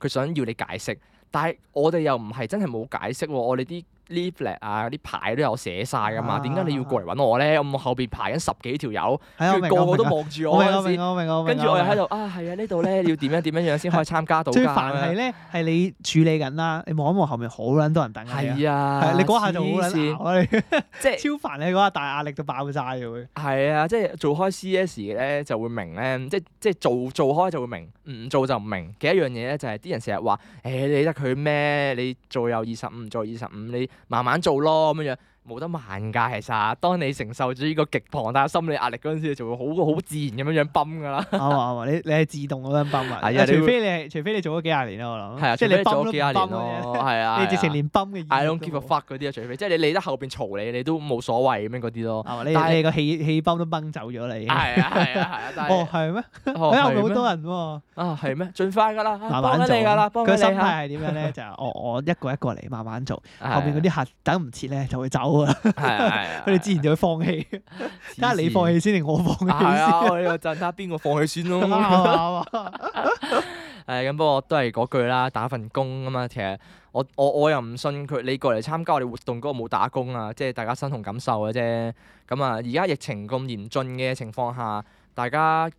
Speaker 2: 佢想要你解釋。但係我哋又唔係真係冇解釋喎，我哋啲。lift 啊，啲牌都有寫晒噶嘛，點解、啊、你要過嚟揾我咧？我後邊排緊十幾條友，佢個個都望住我，跟住我又喺度啊，係啊，啊呢度咧要點樣點樣樣先可以參加到？ 最煩係咧
Speaker 1: 係你處理緊啦，你望一望後面好撚多人等嘅。係啊，啊，啊，你嗰下就好撚煩，即
Speaker 2: 係、啊、 超煩。你嗰下大壓力到爆晒。嘅會。係啊，即係、啊、做開 CS 咧就會明咧，即係即係做做開就會明，唔做就唔明。幾一樣嘢咧就係、是、啲人成日話誒你得佢咩？你做又二十五，唔做二十五你。慢慢做咯，咁樣。冇得慢噶，其實當你承受住呢個極龐大心理壓力嗰陣時，你就會好好自然咁樣樣崩噶啦。你你係自動咁樣崩啊？除非你係除非你做咗幾廿年啦，我諗。係啊，即係你崩咗幾廿年咯。係啊，你直情連崩嘅。I don't give a fuck 嗰啲啊，除非即係你理得後邊嘈你，你都冇所謂咁樣嗰啲咯。啊，你你個氣氣包都崩走咗你。係哦係咩？你係咪好多人喎？係咩？盡快㗎啦，慢慢嚟做。佢心態係點樣咧？就
Speaker 1: 我一個一個嚟，慢慢做。後邊嗰啲客等唔切咧，就會走。係啊係啊，佢哋之前就去放棄，家下你放棄先定我放棄？係啊，我
Speaker 2: 哋又爭下邊個放棄先咯。係、啊、咁， 哎、不過都係嗰句啦，打份工啊嘛。其實我我我又唔信佢，你過嚟參加我哋活動嗰個冇打工啊，即係大家身同感受嘅啫。咁啊，而家疫情咁嚴峻嘅情況下，大家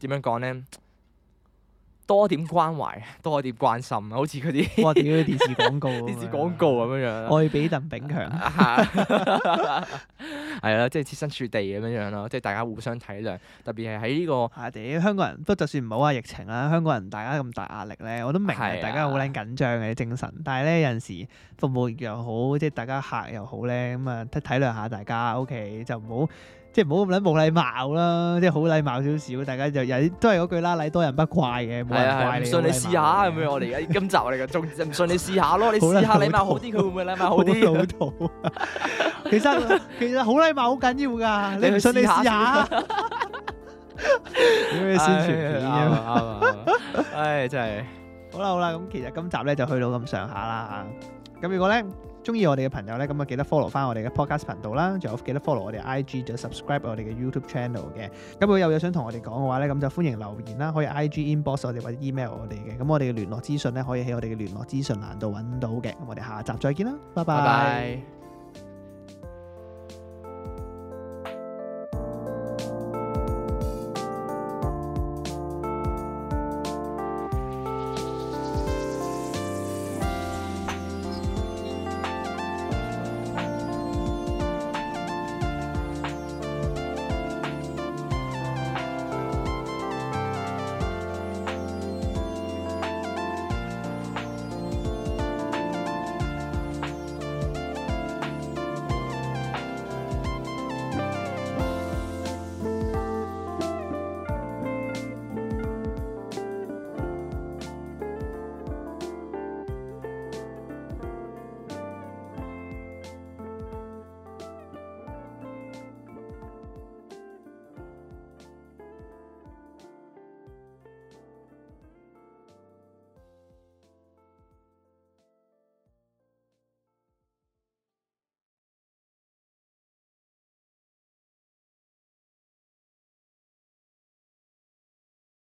Speaker 2: 點樣講咧？多點關懷，多點關心，好似佢啲哇屌電視廣告，電視 廣告咁樣樣， 愛比鄧炳強，係 啦、 啊，即係設身處地咁樣樣咯，即係大家互相體諒，特別係喺呢個係屌、啊、香港人，不過就算唔好話疫情啦，香港人大家咁大壓
Speaker 1: 力咧，我都明白大家好撚緊張嘅精神，但係咧有陣時服務業又好，即、就、係、是、大家客又好咧，咁啊體體諒下大家，OK 就唔好。即係唔好咁捻冇禮貌啦，即係好禮貌少少，大家就又都係嗰句啦，禮多人不怪嘅，冇人怪你。唔信你試下
Speaker 2: 係咪？我哋而家今集嚟嘅中，唔信你試下咯，你試下禮 頭貌好啲，佢會唔會禮貌好啲？老土。
Speaker 1: 其實其實好禮貌好緊要噶， 你去試
Speaker 2: 下。啲宣傳片咁，啱啊、 哎！唉，真係。
Speaker 1: 好啦好啦，咁其實今集咧就去到咁上下啦，咁如果咧。中意我哋嘅朋友咧，咁啊記得 follow 翻我哋嘅 podcast 頻道啦，仲有記得 follow 我哋 IG，仲有 subscribe 我哋嘅 YouTube channel 嘅。咁如果有嘢想同我哋講嘅話咧，咁就歡迎留言啦，可以 IG inbox 我哋或者 email 我哋嘅。咁我哋嘅聯絡資訊咧，可以喺我哋嘅聯絡資訊欄度揾到嘅。咁我哋下集再見啦，拜拜。拜拜。